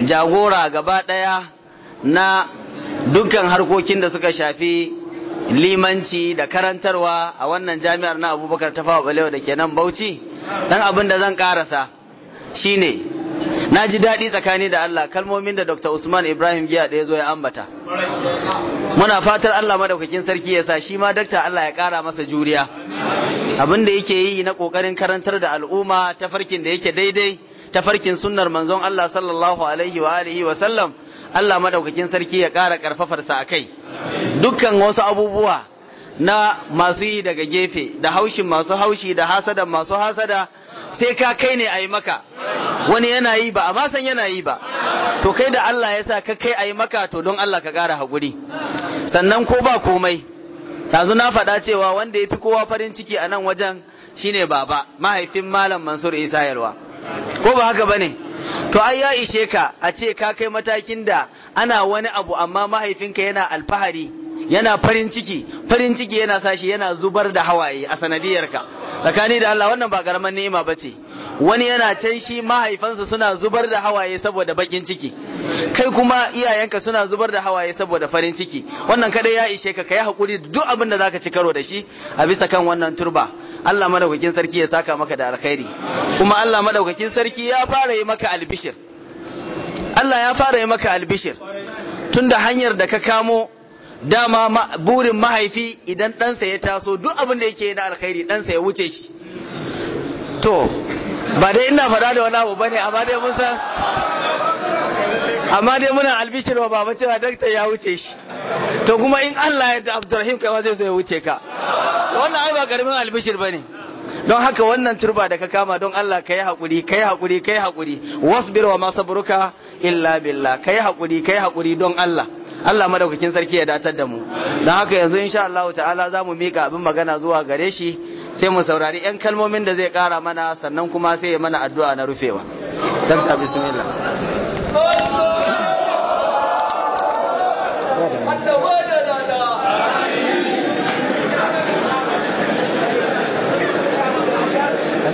[SPEAKER 5] jagora gaba ɗaya na dukkan harkokin da suka shafi limanci da karantarwa a wannan jami'ar na abubakar tafawa balewa da ke nan bauchi dan abin da zan karasa shine na ji daɗi tsakani da Allah kalmomin da Dr. Usman Ibrahim giya ɗaya zo ya ambata muna fatar Allah madaukakin sarki ya sa shi ma dakta Allah ya ƙara masa juriya abin da yake yi na ƙoƙarin karantar da al'umma ta farkin da yake daidai ta farkin sunnar manzon Allah sallallahu alaihi wa alihi wa sallam Allah madaukakin sarki ya ƙara ƙarfafarsa a kai dukkan wasu abubuwa na masu yi daga gefe da haushin masu haushi da hasada masu hasada sai ka kai ne a yi maka wani yana yi ba amma san yana yi ba to kai da Allah ya sa ka kai a yi maka to don Allah ka ƙara haƙuri sannan ko ba komai yanzu na faɗa cewa wanda ya fi kowa farin ciki a nan wajen shine baba mahaifin malam mansur isa yarwa ko ba haka bane to ai ya ishe ka a ce ka kai matakin da ana wani abu amma mahaifinka yana alfahari yana farin ciki farin ciki yana sashi yana zubar da hawaye a sanadiyarka tsakani da Allah wannan ba karaman ni'ima bace wani yana can shi mahaifansa suna zubar da hawaye saboda bakin ciki kai kuma iyayenka suna zubar da hawaye saboda farin ciki wannan kada ya ishe ka kai hakuri duk abin da zaka ci karo da shi a bisa kan wannan turba Allah madaukakin sarki ya saka maka da alkhairi kuma Allah madaukakin sarki ya fara yi maka albishir Allah ya fara yi maka albishir tunda hanyar da ka kamo dama burin mahaifi idan ɗansa ya taso duk abin da yake na alkhairi ɗansa ya wuce shi to ba dai ina faɗa da wani abu bane amma dai mun san amma dai muna albishir wa baba cewa dakta ya wuce shi to kuma in Allah ya da Abdurrahim kai ma zai zo ya wuce ka wannan ai ba karamin albishir bane don haka wannan turba da ka kama don Allah ka yi haƙuri ka yi haƙuri ka yi haƙuri wasbir wa ma sabruka illa billah ka yi haƙuri ka haƙuri don Allah Allah madaukakin sarki ya datar da mu don haka yanzu insha Allah ta'ala za mu mika abin magana zuwa gare shi sai mu saurari yan kalmomin da zai kara mana sannan kuma sai ya mana addu'a na rufewa tamsa bismillah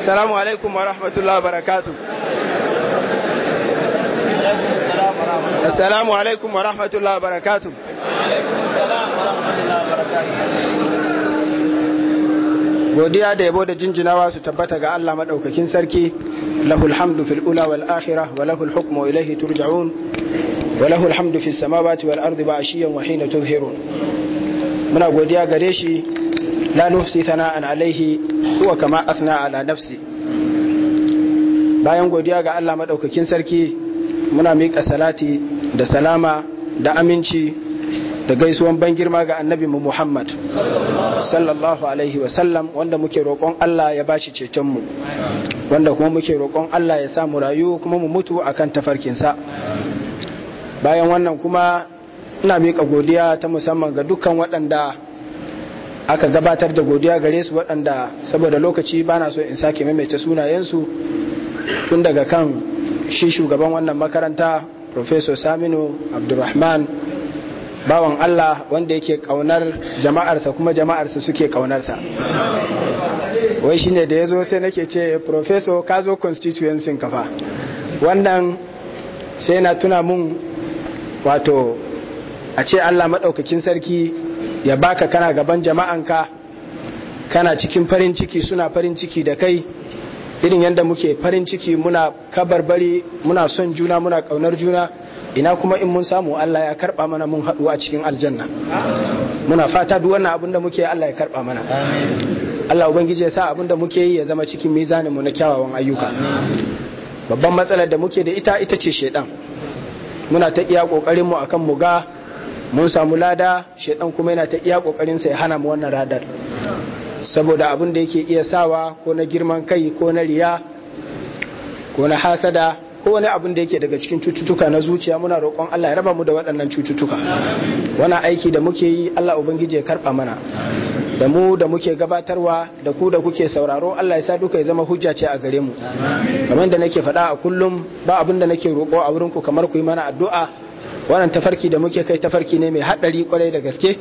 [SPEAKER 1] Assalamu alaikum wa rahmatullahi wa barakatuh Assalamu alaikum wa rahmatullahi wa barakatuh. godiya da yabo da jinjinawa su tabbata ga Allah madaukakin sarki lahul hamdu fil ula wal akhirah wa lahul hukmu ilayhi turja'un wa lahul hamdu fis samawati wal ardi ba'shiyan wa hina tuzhirun muna godiya gare shi la nufsi thana'an alaihi huwa kama asna ala nafsi bayan godiya ga Allah madaukakin sarki muna miƙa salati da salama da aminci da gaisuwan ban girma ga annabi mu Muhammad sallallahu alaihi wasallam wanda muke roƙon Allah ya bashi cetonmu wanda kuma muke roƙon Allah ya samu rayu kuma mu mutu akan tafarkinsa bayan wannan kuma ina miƙa godiya ta musamman ga dukkan waɗanda aka gabatar da godiya gare su waɗanda saboda lokaci bana so in sake maimaita sunayensu tun daga kan shi shugaban wannan makaranta professor saminu abdulrahman bawan allah wanda yake kaunar jama'arsa kuma jama'arsa suke kaunarsa wai shine da ya zo sai nake ce professor ka zo constituency kafa wannan sai na tuna mun wato a ce allah maɗaukakin sarki ya baka kana gaban jama'anka kana cikin farin ciki suna farin ciki da kai irin yadda muke farin ciki muna kabarbari muna son juna muna kaunar juna ina kuma in mun samu Allah ya karba mana mun haɗu a cikin aljanna muna fata duk wannan abin da muke Allah ya karba mana Allah ubangiji ya sa abin da muke yi ya zama cikin mizanin mu na kyawawan ayyuka babban matsalar da muke da ita ita ce shedan muna ta iya kokarin mu akan mu ga mun samu lada shedan kuma yana ta iya kokarin sa ya hana mu wannan radar saboda abin da yake iya sawa ko na girman kai ko na riya ko na hasada ko wani abin da yake daga cikin cututtuka na zuciya muna roƙon Allah ya raba mu da waɗannan cututtuka wani aiki da muke yi Allah ubangiji ya karɓa mana da mu da muke gabatarwa da ku da kuke sauraro Allah ya sa duka ya zama hujja ce a gare mu kamar da nake faɗa a kullum ba abin da nake roƙo a wurin ku kamar ku yi mana addu'a wannan tafarki da muke kai tafarki ne mai haɗari kwarai da gaske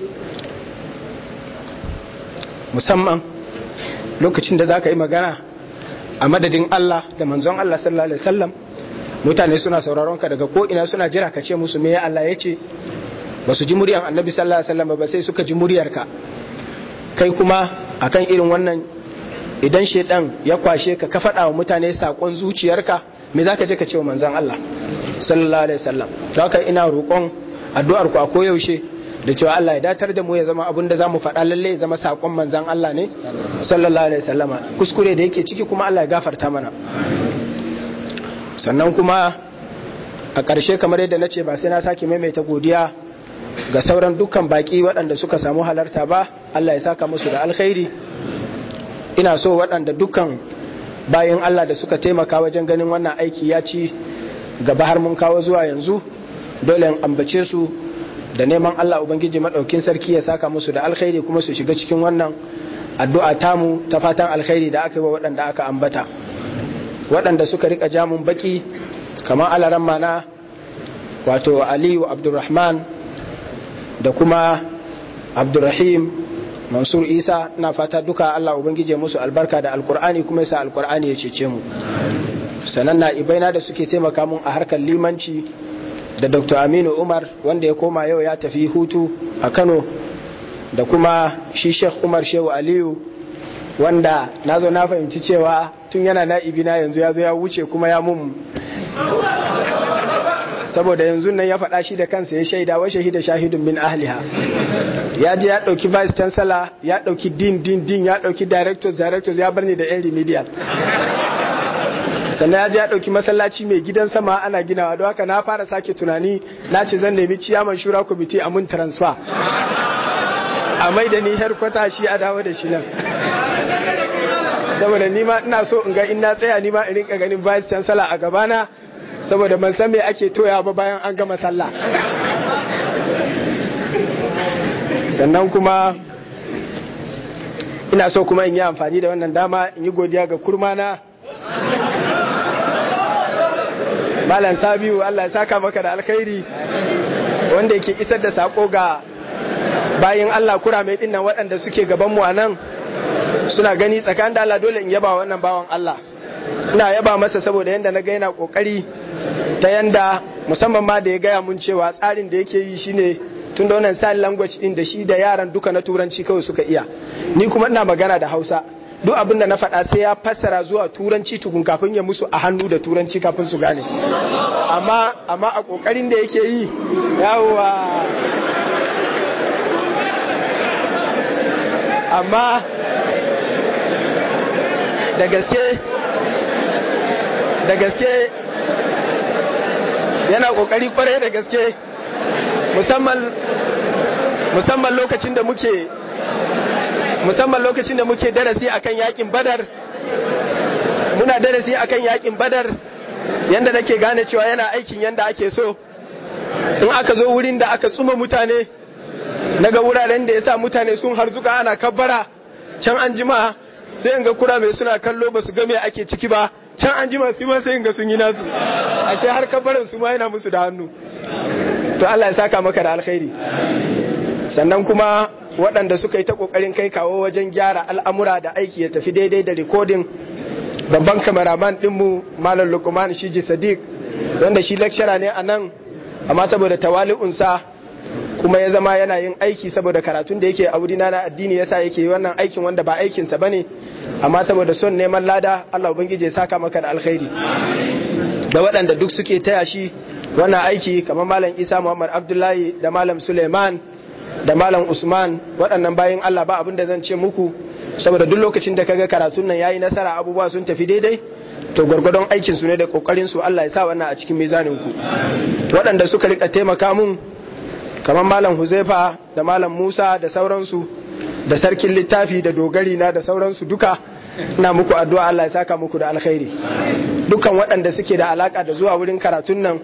[SPEAKER 1] musamman lokacin da za ka yi magana a madadin Allah da manzon Allah sallallahu alaihi wasallam mutane suna sauraron ka daga ko ina suna jira ka ce musu me Allah ya ce ba su ji muryar annabi sallallahu alaihi wasallam ba sai suka ji muryarka kai kuma akan irin wannan idan shedan ya kwashe ka ka faɗa wa mutane sakon zuciyarka me za ka je ka ce wa manzon Allah sallallahu alaihi wasallam haka ina roƙon addu'ar ku a koyaushe da cewa Allah ya datar da mu ya zama abun da za mu faɗa lalle ya zama sakon manzan Allah ne sallallahu alaihi wasallama kuskure da yake ciki kuma Allah ya gafarta mana sannan kuma a ƙarshe kamar yadda na ce ba sai na sake maimaita godiya ga sauran dukkan baki waɗanda suka samu halarta ba Allah ya saka musu da alkhairi ina so waɗanda dukkan bayan Allah da suka taimaka wajen ganin wannan aiki ya ci gaba har mun kawo zuwa yanzu dole in ambace su da neman Allah ubangiji maɗaukin sarki ya saka musu da alkhairi kuma su shiga cikin wannan addu'a tamu ta fatan alkhairi da aka yi wa waɗanda aka ambata waɗanda suka riƙa jamun baki kamar alaran mana wato aliyu abdurrahman da kuma abdurrahim mansur isa na fata duka allah Ubangiji musu albarka da alkur'ani kuma ya sa alkur'ani ya cece mu sannan na ibaina da suke taimaka mun a harkar limanci da dr aminu umar wanda ya koma yau ya tafi hutu a kano da kuma shi sheikh umar shehu aliyu wanda na zo na fahimci cewa tun yana na'ibi na yanzu ya zo ya wuce kuma ya mun saboda yanzu nan ya faɗa shi da kansa ya shaida wa shahida shahidun bin ahliha ya je ya ɗauki vice chancellor ya ɗauki din din din ya ɗauki directors directors ya barni da yan remedial sannan ya je ya ɗauki masallaci mai gidan sama ana ginawa don haka na fara sake tunani na ce zan nemi ciyaman shura kwamiti a mun transfer a mai da ni kwata shi a dawo da shi nan saboda ni ma ina so in ga in na tsaya ni ma in rinka ganin vice chancellor a gabana saboda ban san me ake toya ba bayan an gama sallah sannan kuma ina so kuma in yi amfani da wannan dama in yi godiya ga kurmana malam sabiu Allah ya saka maka da alkhairi wanda yake isar da sako ga bayin Allah kura mai dinnan waɗanda suke gaban mu anan suna gani tsakanin da Allah dole in yaba wannan bawan Allah ina yaba masa saboda yanda na ga yana kokari ta yanda musamman ma da ya gaya mun cewa tsarin da yake yi shine tun da wannan sign language din da shi da yaran duka na turanci kawai suka iya ni kuma ina magana da Hausa duk abin da na faɗa sai ya fassara zuwa turanci tukun kafin ya musu a hannu da turanci kafin su gane amma amma a kokarin da yake yi yawa amma da gaske da gaske yana kokari kwarai da gaske musamman lokacin da muke musamman lokacin da muke darasi akan yakin badar muna darasi akan yakin badar yanda nake gane cewa yana aikin yanda ake so in aka zo wurin da aka tsuma mutane naga wuraren da yasa mutane sun harzuka ana kabbara can an jima sai in ga kura mai suna kallo ba su ga me ake ciki ba can an jima su ma sai in ga sun yi nasu ashe har kabbaran su ma yana musu da hannu to Allah ya saka maka da alkhairi sannan kuma waɗanda suka yi ta ƙoƙarin kai kawo wajen gyara al'amura da aiki ya tafi daidai da rikodin babban kameraman ɗinmu malam lukman shiji sadiq wanda shi lakshara ne a nan amma saboda tawali'unsa kuma ya zama yana yin aiki saboda karatun da yake a wuri na addini ya yasa yake wannan aikin wanda ba aikinsa bane amma saboda son neman lada Allah ubangiji ya saka maka da alkhairi da waɗanda duk suke taya shi wannan aiki kamar malam Isa Muhammad Abdullahi da malam Suleiman da malam usman waɗannan bayan allah ba abin da zan ce muku saboda duk lokacin da kaga karatun nan ya yi nasara abubuwa sun tafi daidai to gwargwadon aikin su ne da kokarin su Allah ya sa wannan a cikin mizanin waɗanda suka rika taimaka mun kamar malam Huzaifa da malam Musa da sauransu da sarkin littafi da dogari na da sauransu duka ina muku addu'a Allah ya saka muku da alkhairi dukkan waɗanda suke da alaka da zuwa wurin karatun nan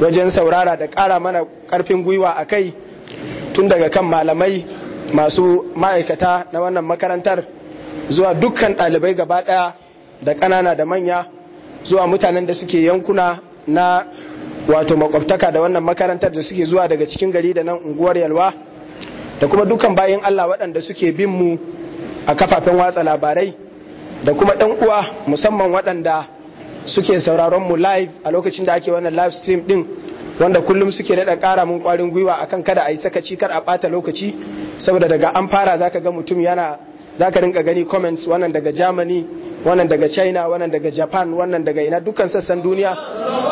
[SPEAKER 1] wajen saurara da ƙara mana ƙarfin gwiwa a kai tun daga kan malamai masu ma'aikata na wannan makarantar zuwa dukkan ɗalibai gaba ɗaya da ƙanana da manya zuwa mutanen da suke yankuna na wato makwabtaka da wannan makarantar da suke zuwa daga cikin gari da nan unguwar yalwa da kuma dukkan bayan Allah waɗanda suke bin mu a kafafen watsa labarai da kuma ɗan uwa musamman waɗanda suke sauraron mu live a lokacin da ake wannan live stream ɗin wanda kullum suke daɗa ƙara mun ƙwarin gwiwa akan kada a yi sakaci kar a ɓata lokaci saboda daga an fara zaka ga mutum yana zaka rinka gani comments wannan daga Germany wannan daga China wannan daga Japan wannan daga ina dukkan sassan duniya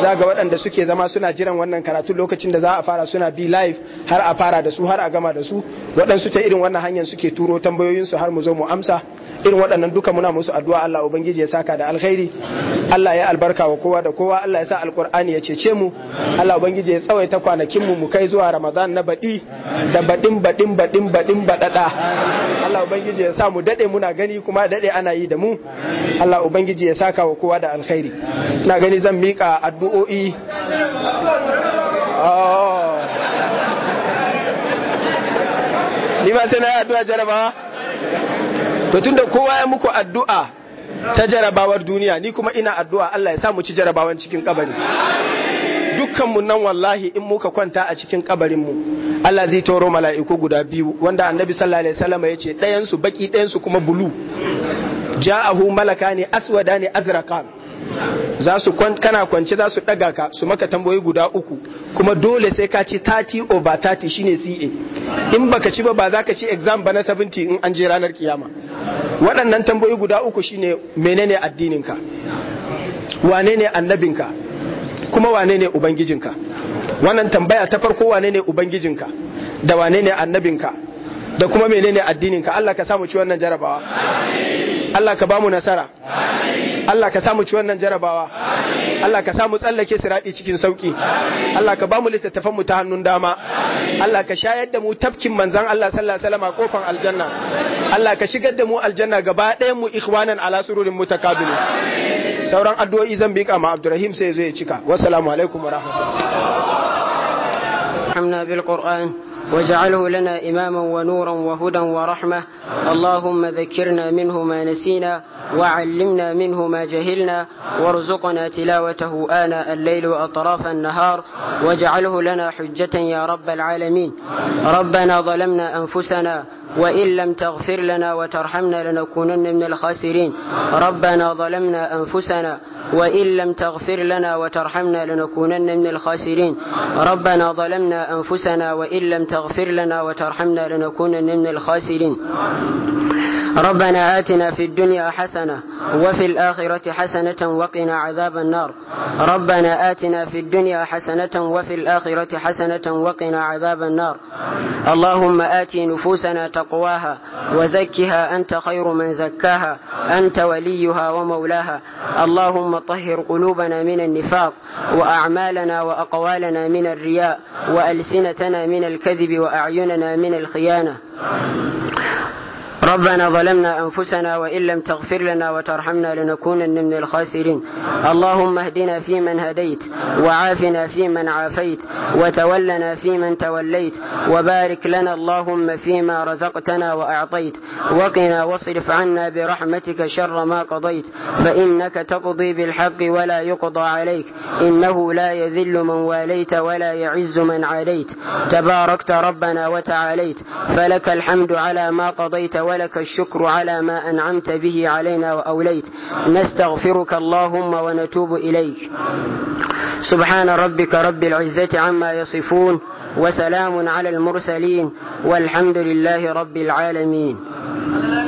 [SPEAKER 1] zaga waɗanda suke zama suna jiran wannan karatu lokacin da za a fara suna bi live har a fara da su har a gama da su waɗansu ta irin wannan hanyar suke turo tambayoyinsu har mu zo mu amsa irin waɗannan duka muna musu addu'a Allah ubangiji ya saka da alkhairi Allah ya albarka wa kowa da kowa Allah ya sa alkur'ani ya cece mu Allah ubangiji ya tsawaita kwanakin mu mu kai zuwa Ramadan na badi da badin badin badin badin badada Allah ubangiji ya sa mu daɗe muna gani kuma daɗe ana yi da mu Allah ubangiji ya saka wa kowa da alkhairi ina gani zan miƙa addu'o'i oh. ni ma sai na yi addu'a jarabawa to da kowa ya muku addu'a ta jarabawar duniya ni kuma ina addu'a Allah ya sa mu ci jarabawan cikin kabari dukkanmu nan wallahi in muka kwanta a cikin kabarinmu Allah zai toro mala'iku guda biyu wanda annabi sallallahu alaihi ya ce ɗayansu baki ɗayansu kuma bulu ja'ahu malakani ne azraqan za su kana kwance za su daga ka su maka tambayoyi guda uku kuma dole sai ka ci 30 over 30 shine CA in baka ci ba ba za ka ci exam ba na 70 in an je ranar kiyama waɗannan tambayoyi guda uku shine menene addininka wane ne annabinka kuma wane ne ubangijinka wannan tambaya ta farko wane ne ubangijinka da wane ne annabinka da kuma menene addininka Allah ka samu ci wannan jarabawa Allah ka ba mu nasara Amin. Allah ka samu ci wannan jarabawa Allah ka samu tsallake siradi cikin sauki Allah ka bamu littattafan mu ta hannun dama Allah ka shayar da mu tafkin manzan Allah sallallahu alaihi wasallam kofan aljanna Allah ka shigar da mu aljanna gaba ɗayan mu ikhwanan ala sururin mutakabilin sauran addu'o'i zan bika ma Abdurrahim sai ya zo ya cika wassalamu alaikum wa rahmatullahi amna bil qur'an واجعله لنا إماما ونورا
[SPEAKER 4] وهدى ورحمة اللهم ذكرنا منه ما نسينا وعلمنا منه ما جهلنا وارزقنا تلاوته آناء الليل وأطراف النهار واجعله لنا حجة يا رب العالمين ربنا ظلمنا أنفسنا وإن لم تغفر لنا وترحمنا لنكونن من الخاسرين ربنا ظلمنا أنفسنا وإن لم تغفر لنا وترحمنا لنكونن من الخاسرين ربنا ظلمنا أنفسنا وإن لم تغفر تغفر لنا وترحمنا لنكونن من الخاسرين ربنا آتنا في الدنيا حسنة وفي الآخرة حسنة وقنا عذاب النار ربنا آتنا في الدنيا حسنة وفي الآخرة حسنة وقنا عذاب النار اللهم آت نفوسنا تقواها وزكها أنت خير من زكاها أنت وليها ومولاها اللهم طهر قلوبنا من النفاق وأعمالنا وأقوالنا من الرياء وألسنتنا من الكذب الكذب وأعيننا من الخيانة ربنا ظلمنا أنفسنا وإن لم تغفر لنا وترحمنا لنكونن من الخاسرين اللهم اهدنا فيمن هديت وعافنا فيمن عافيت وتولنا فيمن توليت وبارك لنا اللهم فيما رزقتنا وأعطيت وقنا واصرف عنا برحمتك شر ما قضيت فإنك تقضي بالحق ولا يقضى عليك إنه لا يذل من واليت ولا يعز من عاديت تباركت ربنا وتعاليت فلك الحمد على ما قضيت ولك الشكر على ما أنعمت به علينا وأوليت نستغفرك اللهم ونتوب إليك سبحان ربك رب العزة عما يصفون وسلام على المرسلين والحمد لله رب العالمين